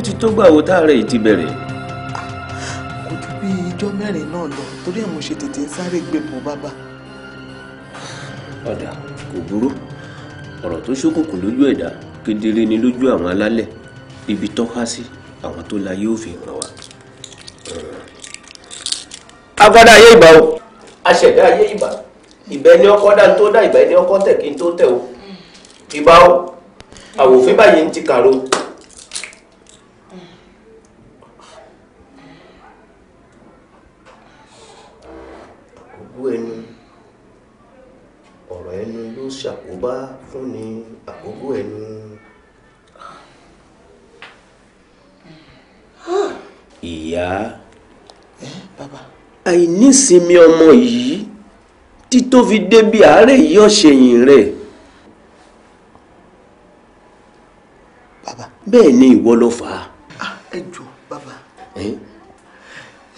ó ti tó gbàwó táàrẹ̀ yìí ti bẹ̀rẹ̀. kò ju bí ijọ́ mẹ́rin náà lọ torí ẹ̀ mo ṣe tètè ń sáré gbé bò bàbá. ọ̀dà kò burú ọ̀rọ̀ tó ṣókùnkùn lójú ẹ̀dá kedere ni lójú àwọn alálẹ̀ ibi tọ́ka sí àwọn tó la yóò fi hàn wá. agbada ayé ìbá o aṣẹ̀dá ayé ìbá ìbẹ́ ni ọkọ́ dá ní tó dá ìbẹ́ ni ọkọ́ tẹ̀ kí n tó tẹ̀ o ìbá o àwòfín báyìí ń ti kàró. òkú ẹni ọ̀rọ̀ ẹnu ló ṣàkóbá fúnni àkókò ẹnu. ìyá àìnísinmi ọmọ yìí tí tó fi débi àárẹ̀ yìí ọ̀ṣẹ̀yìn rẹ̀. bẹ́ẹ̀ ni ìwọ ló fà á. Ah, ẹ jọ̀ọ́ bàbá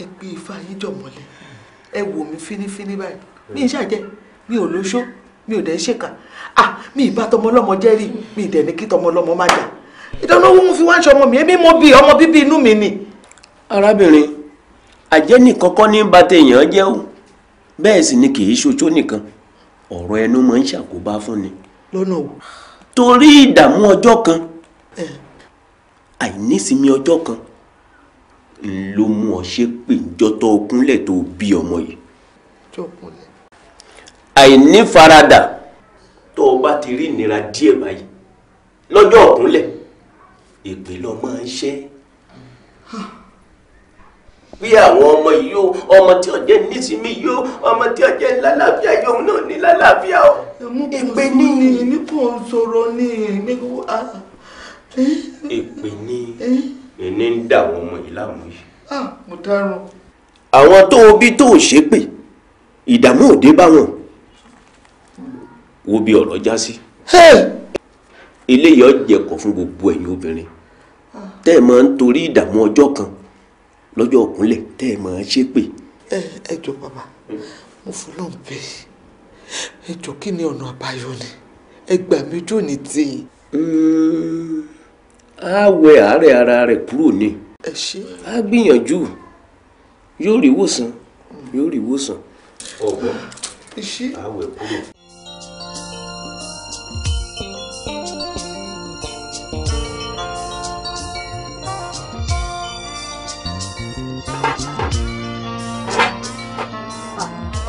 ẹ gbé ifá yín jọ̀mọ́lẹ̀ ẹ wò mí fínífíní báyìí mi ì ṣàjẹ́ mi ò lóṣó mi ò dẹ̀ ṣèkà ah mi ì bá tọmọ ọlọ́mọ jẹ́ rí mi ì dẹ̀ ní kí tọmọ ọlọ́mọ má jà ìdáná owó mo fi wá ń ṣọmọ mi èmi mo bí ọmọ bíbí inú mi ni. arábìnrin àjẹ́ nìkan kọ́ ní bá tèèyàn jẹ́ o bẹ́ẹ̀ sì ni kì í ṣojú nìkan ọ̀rọ̀ ẹnu máa ń ṣàkóbá fún ni. lọ́nà wo. torí ìdààmú ọjọ́ kan àìnísinmi ọjọ́ kan ló mú ọ ṣépè jọtọ okúnlẹ̀ tó bí ọmọ yìí. àìnífaradà tó o bá ti rí ìnira díẹ̀ báyìí lọ́jọ́ ọ̀kúnlẹ̀ èpè lọ máa ń ṣe bí àwọn ọmọ yìí ó ọmọ tí ọjẹ nísìmí yìí ọmọ tí ọjẹ lálàáfíà yóò náà ní lálàáfíà ó èpè ní. èmi kò sọ̀rọ̀ ní èmi kò. èpè ah, eh, ní ẹni ń dà àwọn ọmọ yìí láàmú yìí. mo dáràn. àwọn tó o bí tó o ṣépè ìdààmú òde bá wọn wo bí ọ̀rọ̀ já sí. eléyìí ọ̀jẹ̀kọ̀ fún gbogbo ẹ̀yin obìnrin tẹ́ ẹ̀ máa ń torí ìdààmú ọjọ́ kan lọ́jọ́ òkúnlẹ̀ tẹ́ ẹ̀ máa ń ṣépè. ẹ ẹ jọ bàbá mo fún lọ́n pé ẹ jọ kí ni ọ̀nà àbáyọ ni ẹ gbà mí ojú ní tì á wẹ àárẹ̀ ara rẹ̀ kúrò ni á gbìyànjú yóò rí wòsàn yóò rí wòsàn ọgbọ́n á wẹ kúrò.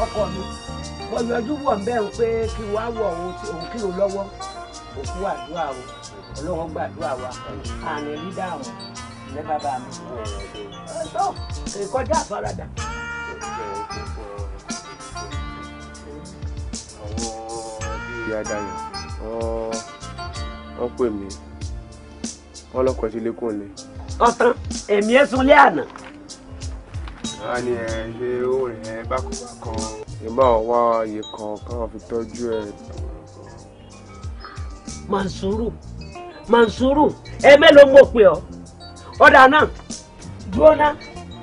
ọkọ mi wọ́n yọjú wọ̀ ń bẹ́ẹ̀ pé kí wọ́n á wọ̀ òun kí òun lọ́wọ́ òkú àdúrà o ọlọ́run gbàdúrà wa àní rí dáhùn ní bàbá mi. ọ̀tọ̀ ìkọjá àfaradà. ìyá Dayọ̀ wọ́n pè mí wọ́n lọ́kọ̀ sí lẹ́kùn lé. ọ̀tán èmi ẹ̀ sunlé àná. a ní ẹ ṣe ó rìn ẹ bákọ̀bákọ̀. ìbá ọ̀wá iye kan káwọn fi tọ́jú ẹ. Mansuru Mansuru ẹ mélòó mo pè ọ́ ọ̀dà náà jóná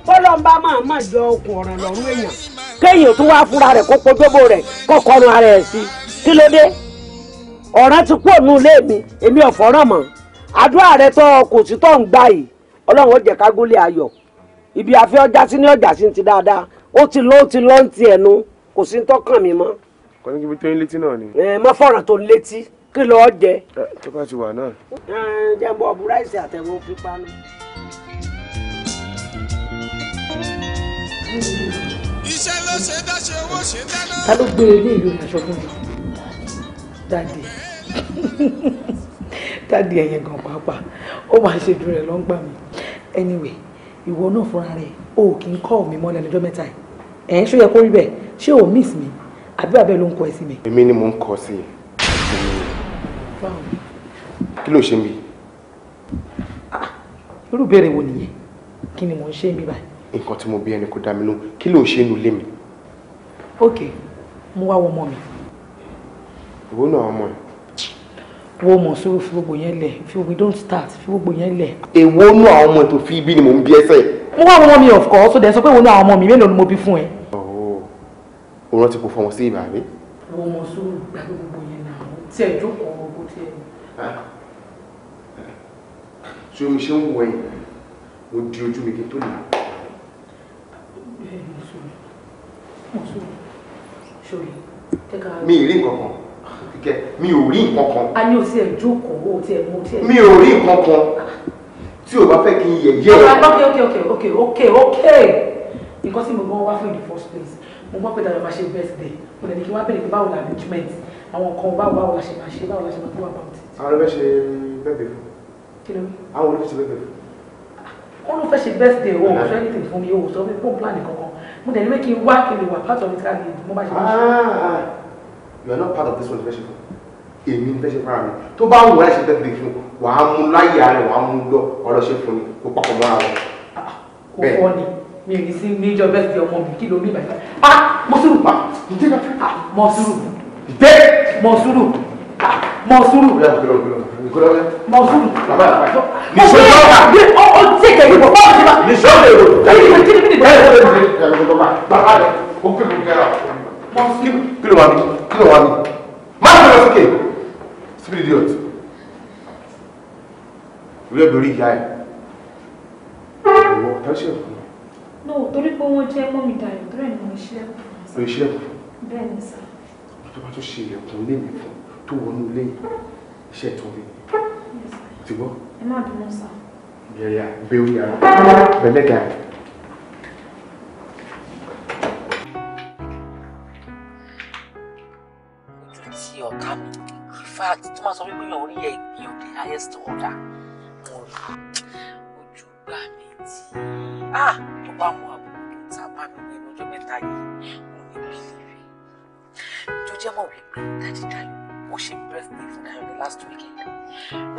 kọlọ́mbà máa má jọ okùn ọ̀ràn lọ́rùn èèyàn kéèyàn tó wá fúnra rẹ̀ kó pojúbò rẹ̀ kó kọnu ara ẹ̀ sí kí ló dé ọ̀ràn ti kú òun ilé mi èmi ọ̀fọ́ràn mọ́ àdúrà rẹ tó kò sí tó ń gbà yìí ọlọ́run ó jẹ́ kágúnlé ayọ̀ ibi àfẹ́ ọjà sí ní ọjà sí ti dáadáa ó ti lọ ó ti lọ ń ti ẹnu kò sí ń tọ́kàn mi mọ́. kọ́ni kí n tó ń létí náà ni. ẹ mọ́ fọ̀ràn tó ń létí kí ló jẹ. tó bá ti wà náà. jẹ́nbọ̀ ọ̀bù ráìsì àtẹ̀wọ́ fipá mi. iṣẹ́ ló ṣe dáṣe owó ṣe dáná. ta ló gbé ilé ìlú aṣọ fún mi dáàdì dáàdì ẹ̀yẹ gan pàápàá ó máa ṣe dúró rẹ̀ lọ́ngbà mi anyway ìwọ náà fúnra rẹ̀ o kì í kọ́ mi mọ́ lẹ́nu ọjọ́ mẹ́ta ẹ̀ ẹ̀ ṣó yẹ kó rí bẹ́ẹ̀ ṣé o miss mi àbí àbẹ́ ló ń kọ ẹ sí mi. èmi ni mò ń kọ sí i kí ló ṣe ń bí. irú béèrè wo nìyẹn kí ni mò ń ṣe ń bí báyìí. nǹkan tí mo bí ẹni kò dá mi lóhùn kí ló ṣe ń lulẹ̀ mi. ok mo wá wọ ọmọ mi. ìwọ náà ọmọ ẹ wo mọ̀ sórí fi gbogbo yẹn lẹ̀ fi we don't start fi gbogbo yẹn lẹ̀. èwo nú àwọn ọmọ tó fi ibi ni mò ń bí ẹsẹ̀. mo wá ọmọ mi of course so dẹ̀ sọ pé òun náà àwọn ọmọ mi mélòó ni mo bí fún ẹ. ọ̀hún oh, o rántí kò fọmọ sí ìbàbí. wo mọ̀ sórí gbàgbé gbogbo yẹn náà tí omi ṣe ń wọ ẹ̀yìn mo di ojú mi kí n tó là. mi ì rí nǹkan kan kíkẹ́ mi ò rí nǹkan kan. a ní o ti ẹ̀ jókòó o ti ẹ̀ mú o ti ẹ̀. mi ò rí nǹkan kan tí o bá fẹ́ kí n yẹ̀yẹ́. ok ok ok ok ok ok nǹkan tí mo gbọ́ wá fún in the first place mo gbọ́ pé dàdàbà ṣe best day mo lè ní kí wọ́n bẹ̀rẹ̀ pé báwo la arrangement àwọn kan báwo báwo la ṣe máa ṣe báwo la ṣe máa go about it. àwọn ọlọ́bẹ̀ ṣe bẹ́ẹ̀ bẹ́ẹ̀ fún àwọn olùsọ wọ́n ló fẹ́ ṣe birthday o kò sẹ́ni tèmi mi o sọ pé kó plan kankan mo dẹ̀ ní pé kí n wà part of it káàdì mo bá ṣe bá ṣe. Ah, ah. you are not part of this one special èmi ń fẹ́ ṣe fara mi tó bá wù wá ṣe birthday fún wàá mú láyé ara wàá mú lọ ọ̀rọ̀ fún mi kó papọ̀ mọ́ra wọn. kò fọ́ ni mi ò ní sí major birthday ọmọ mi kí ló mi bàjẹ́ ah mo sùúrù pa mo sùúrù ah, mo sùúrù mo sùúrù mọ̀sùn bàbá yà pàṣọ. nìṣó dọ́gba bí ọ ọ tí kẹ̀ yìí bọ̀ bọ́ọ̀ ti bá. nìṣó lè lò ẹyí mi kí ni mi ni bẹ́ẹ̀ lè lè lè dọ́gba bàbá rẹ̀ o kí mi kẹ́ra mọ̀sùn. kí ló wà mí kí ló wà mí má fi lọ sókè spirit idiot ìwé ìbéèrè ìyá ẹ̀ ìwọ ọ̀tá ṣe ẹ̀kọ́. no torí pé wọ́n jẹ́ mọ́mí dayọ̀ tó rẹ̀ ni mo ṣe ẹ̀kọ́. mo ṣe ẹ̀kọ́. bẹ́ẹ̀ ni sá. ìjọba tó ṣe ẹ̀kọ́ lé mi fún tó wọnú lé yìí iṣẹ́ tóbi ti gbọ́. ẹ má bínú sá. bẹ̀rẹ̀ bẹ̀rẹ̀ yàrá bẹ̀lẹ̀ gà. ojú ti ọ̀gá mi in fact tó máa sọ wípé yàn orí ẹ̀ òde highest order mo rí ojú gbà mí tí ah tó bá mú àbúrò tó ta bá mi ní ọjọ́ mẹ́ta yìí mo ní bílíìfì tó jẹ́ mọ̀ wípé dájídájú mo ṣe birthday fún Dayọ̀ last weekend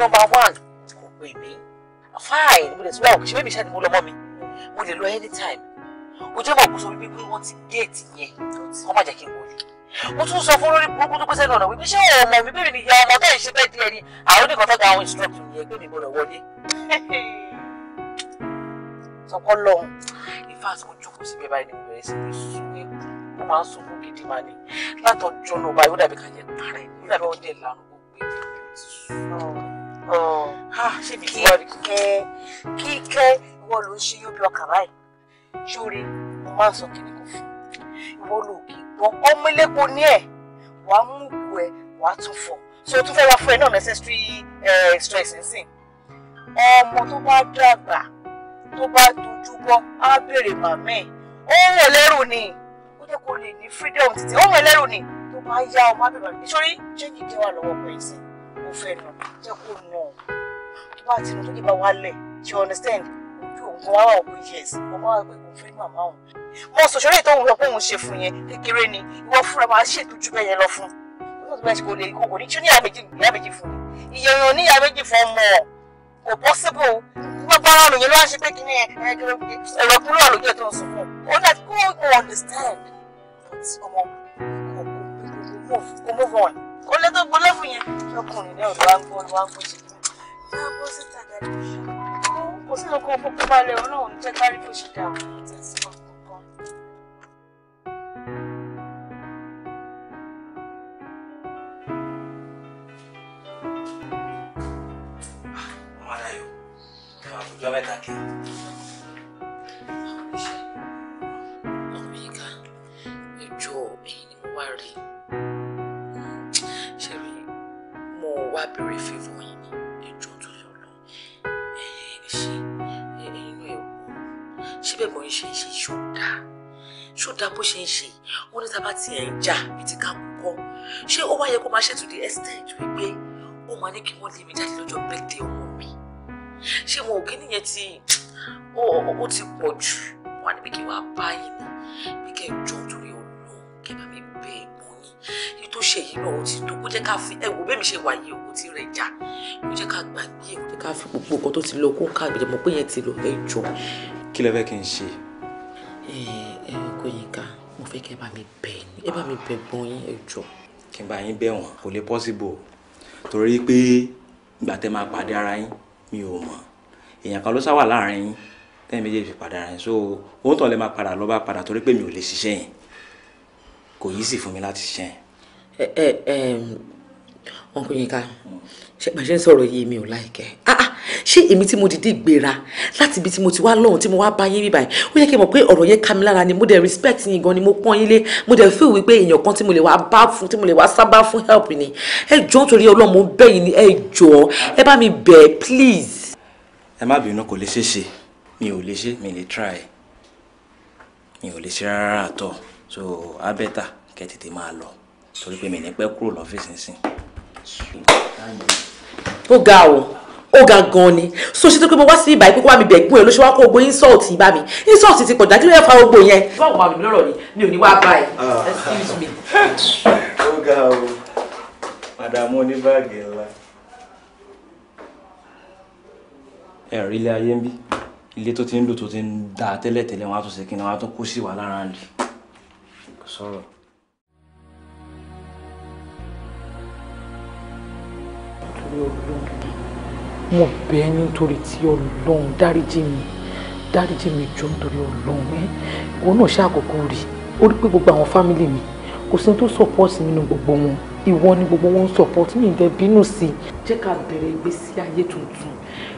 number one baby, fine mo she tún láwọn kò ṣe bébí iṣẹ́ ni mo any time. mo lè lọ anytime ojú ọmọ to get wípé How much I can wọ́n má jẹ́ kí n wọlé mo tún sọ fún lórí burúkú tó pèsè lọ́nà wípé mother ọmọ mi bèbè I ìyá got tó ń ṣe bẹ́ẹ̀ díẹ̀ ni àwọn oníkan tó So àwọn instructor yẹn pé mi gbọ́dọ̀ wọlé sọkọ lọ́hùn by the way ó máa ń sunkún gidi máa ní látọjọ́ náà báyìí ó dàbí ká jẹ parẹ́ ó dàbí ó jẹ ìlànà gbogbo ètò ti sùn. ṣé ibi tí wọ́n rí ìwọ ló ń ṣe yóò bí ọkà báyìí ṣóore mo máa ń sọ kíni kò fún ìwọ ló kì í gbọ́ ọmọ elépo ní ẹ̀ wàá mú ìwọ ẹ̀ wàá tún fọ̀ so tún fẹ́ wá fún ẹ náà necessary stress nsìn ọmọ tó bá dàgbà tó bá dojú bọ́ á béèrè màmí ó wọ̀ lẹ́rù ni jẹ́ kó lè ní freedom títí ọmọ ẹlẹ́rù ni tó bá yá ọmọ abẹ́rẹ́ nítorí jẹ́ kí ìdí wà lọ́wọ́ pẹ̀ sí mo fẹ́ nà jẹ́ kó nà ọ́ tó bá ti tó yé bá wálẹ̀ you understand ojú òun kan wá wà òkú yes ọmọ wa pé kò fẹ́ màmá òun mo sọ ṣọlẹ́ ìtọ́hún lọ pé òun ṣe fún yẹn kékeré ni ìwọ fúnra máa ṣètò ju bẹ́ẹ̀ yẹn lọ fún un kò lè ní tí ó ní ẹ̀rọ kúrò àlòyé tó ń sọ fún un ó ní àti kó o understand minutes ọmọ kò kò move on. ó lé tó gbólé fún yẹn. ọkùnrin náà ló wá ń gbọ́ ló wá ń gbọ́ jù. yóò bó síta dáadé. kò sí ọkọ̀ òkú balẹ̀ ọlọ́run ní fẹ́ kárí bó ṣe dà ó. Ọmọ Adáyọ̀, ìwà àbújọ mẹ́ta kìí. wá béèrè favour yín ni ẹjọ́ tó lè lọ ṣe inú ẹ̀ wò ṣé bẹ́ẹ̀ bọ́ ń ṣe ń ṣe ṣòdà ṣòdà bó ṣe ń ṣe wọ́n ní tábà tí ẹ̀ ń jà bí ká kọ́ ṣé ó wá yẹ kó máa ṣe to the extent wípé ó máa ní kí wọ́n lé mi jáde lọ́jọ́ birthday ọmọ mi ṣé wọn ò kí nìyẹn ti ó ti pọ̀ jù wọn á níbi kí wọ́n á bá yín ní bí kẹ́ ẹ jọ́ torí ọlọ́run kẹ́ bá mi b ní tó ṣe yìí náà ó ti tó kó jẹ́ ká fi ẹ̀wò bẹ́ẹ̀ mi ṣe wà yìí ó ti rẹ̀ já kó jẹ́ ká gbàgbé kó jẹ́ ká fi gbogbo nǹkan tó ti lọ kó ká gbẹ̀dẹ̀ mọ̀ pé yẹn ti lọ lẹ́jọ. kí lẹ fẹ́ kí n ṣe. ẹ ẹ Kóyínká mo fẹ́ kẹ́ bá mi bẹ̀ ni ẹ bá mi bẹ̀ gbọ́n yín ẹ jọ. kí n bá yín bẹ̀ wọ́n kò lè pọ́síbò torí pé ìgbà tẹ́ máa pàdé ara yín mi ò mọ̀ èèyàn kan ló sá láàrin yín tẹ́yìn méjèèjì padà ara so òun tàn lè máa padà lọ bá padà torí pé mi ò lè ṣiṣẹ́ yẹn kò yí sì fún mi láti ṣe ẹ ẹ ẹ ọkùnrin yìí ká ṣe pàṣẹ sọ̀rọ̀ yìí mi ò láìkẹ́ ah, ah, ṣé èmi tí mo dìde gbéra láti ibi tí mo ti wá lọ́hùn tí mo wá bá yín bí báyìí ó yẹ kí n mọ̀ pé ọ̀rọ̀ yẹn ká mi lára ni mo dẹ̀ respect yín gan ni mo pọ́n yín lé mo dẹ̀ feel wípé èèyàn kan tí mo lè wá bá fún tí mo lè wá sábà fún help ni ẹ jọ̀ọ́ nítorí ọlọ́mọ bẹ́ẹ̀ ni ẹ jọ̀ọ́ ẹ bá mi bẹ̀ please. ẹ má bínú kò lè ṣeé ṣe mi ò lè ṣe mi lè try mi ò lè ṣe rárá àtọ̀ so abẹ́ta kẹ́ tètè máa lọ torí pé mi ní pẹ́ kúrò lọ́fíìsì nísìn. ó ga o ó ga gan ni so ṣe tó pé mo wá sí ibà yìí pé kó bá mi bẹ̀gbọ́n ẹ̀ ló ṣe wá kó gbogbo insult ibà mi insult ti pọ̀jà kí ló yẹ fa gbogbo yẹn. báwo máa mi lọ́rọ̀ ni mi ò ní wá báyìí ah. excuse me. ó ga o màdàmú oníbàgì ńlá. ẹ rí ilé ayé ń bí ilé tó ti ń lò tó ti ń dá tẹ́lẹ̀tẹ́lẹ̀ wọn á tún ṣe kí ni wọn á tún kó sí wa lára rẹ̀ sọ̀rọ̀. torí ọlọ́run mo bẹ̀ ẹ́ nítorí tí ọlọ́run dáríjì mi dáríjì mi jọ nítorí ọlọ́run ẹ òun náà ṣàkókò rí ó rí pé gbogbo àwọn fámìlì mi kò sí tó support nínú gbogbo wọn ìwọ ni gbogbo wọn ń support mi ìdẹ bínú sí i jẹ́ ká bẹ̀rẹ̀ ìgbésí ayé tuntun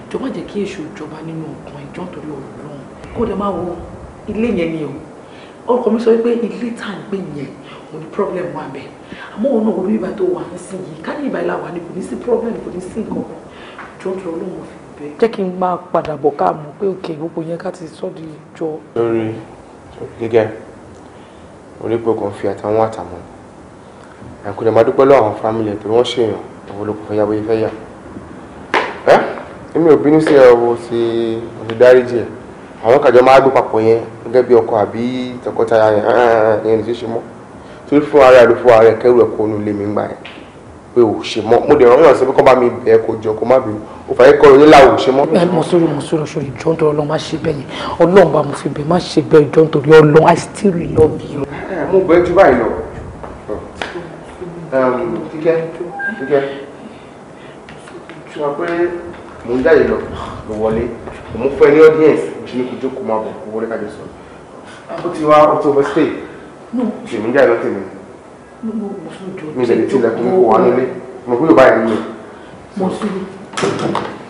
jọ̀ọ́ má jẹ́ kí èṣù ìjọba nínú ọkàn ìjọ́ nítorí ọlọ́run kó dẹ má wo ilé yẹn ni o ọkọ mi sọ pé ilé tá à ń gbé yẹn ò ní problem wà bẹ́ẹ̀ àmọ́ òun náà orí ibà tó wà ń sìn yìí ká ní ibà ìlà wà ní kò ní sí problem kò ní sí nǹkan kan jọjọ ọlọ́run fi bẹ́ẹ̀. jẹ́ kí n máa padà bọ̀ ká mọ̀ pé òkè gbogbo yẹn ká ti sọ́ di jọ. lórí gẹ́gẹ́ onígbòkun fi àtàwọn àtàmọ́ àkùnrin máa dúpẹ́ lọ́wọ́ àwọn fámìlì ẹ̀ pé wọ́n ṣèyàn àwọn olùkọ́ fẹ́ yá bóyá fẹ́ yá ẹ́ èmi ò bínú sí ẹ̀ o ti dáríjì ẹ̀ àwọn kàjọ máa gbé papọ̀ yẹn gẹ́gẹ́ bí ọkọ àbí tọkọtaya yẹn ah, ah, ah, ní ṣe mọ́ torí fún ara ẹ̀ fún ara ẹ̀ kẹ́rù ẹ̀ kó nu lé gbà yẹn pé ò ṣe mọ́ mo dẹ̀ rán yàn sí pé kọ́ bá mi bẹ̀ ẹ́ kó jọ kó má bínú ò fàyè kọ́ ọ̀rọ̀ nílà ò ṣe mọ́. mo sọ̀rọ̀ mo sọ̀rọ̀ sọ̀rọ̀ ìjọ ń tọrọ má ṣe bẹ́ẹ̀ yẹn ọlọ́run bá mo fi bẹ́ẹ̀ má ṣe bẹ́ẹ̀ ìjọ torí ọlọ́run I still love you. mo bẹ jù báyìí lọ kíkẹ́ kíkẹ́ ṣùgbọ́n pé mo ń jáde lọ mo wọlé mo fún ní audience mo ṣe ní kó jókòó máa bọ̀ kó wọlé kájọ sọ̀rọ̀ ó ti wá ó ti over stay tèmi jáde lọ tèmi mi lè ti lẹkùn kó wà nílé mo kúrò báyìí nílé. mo sùn.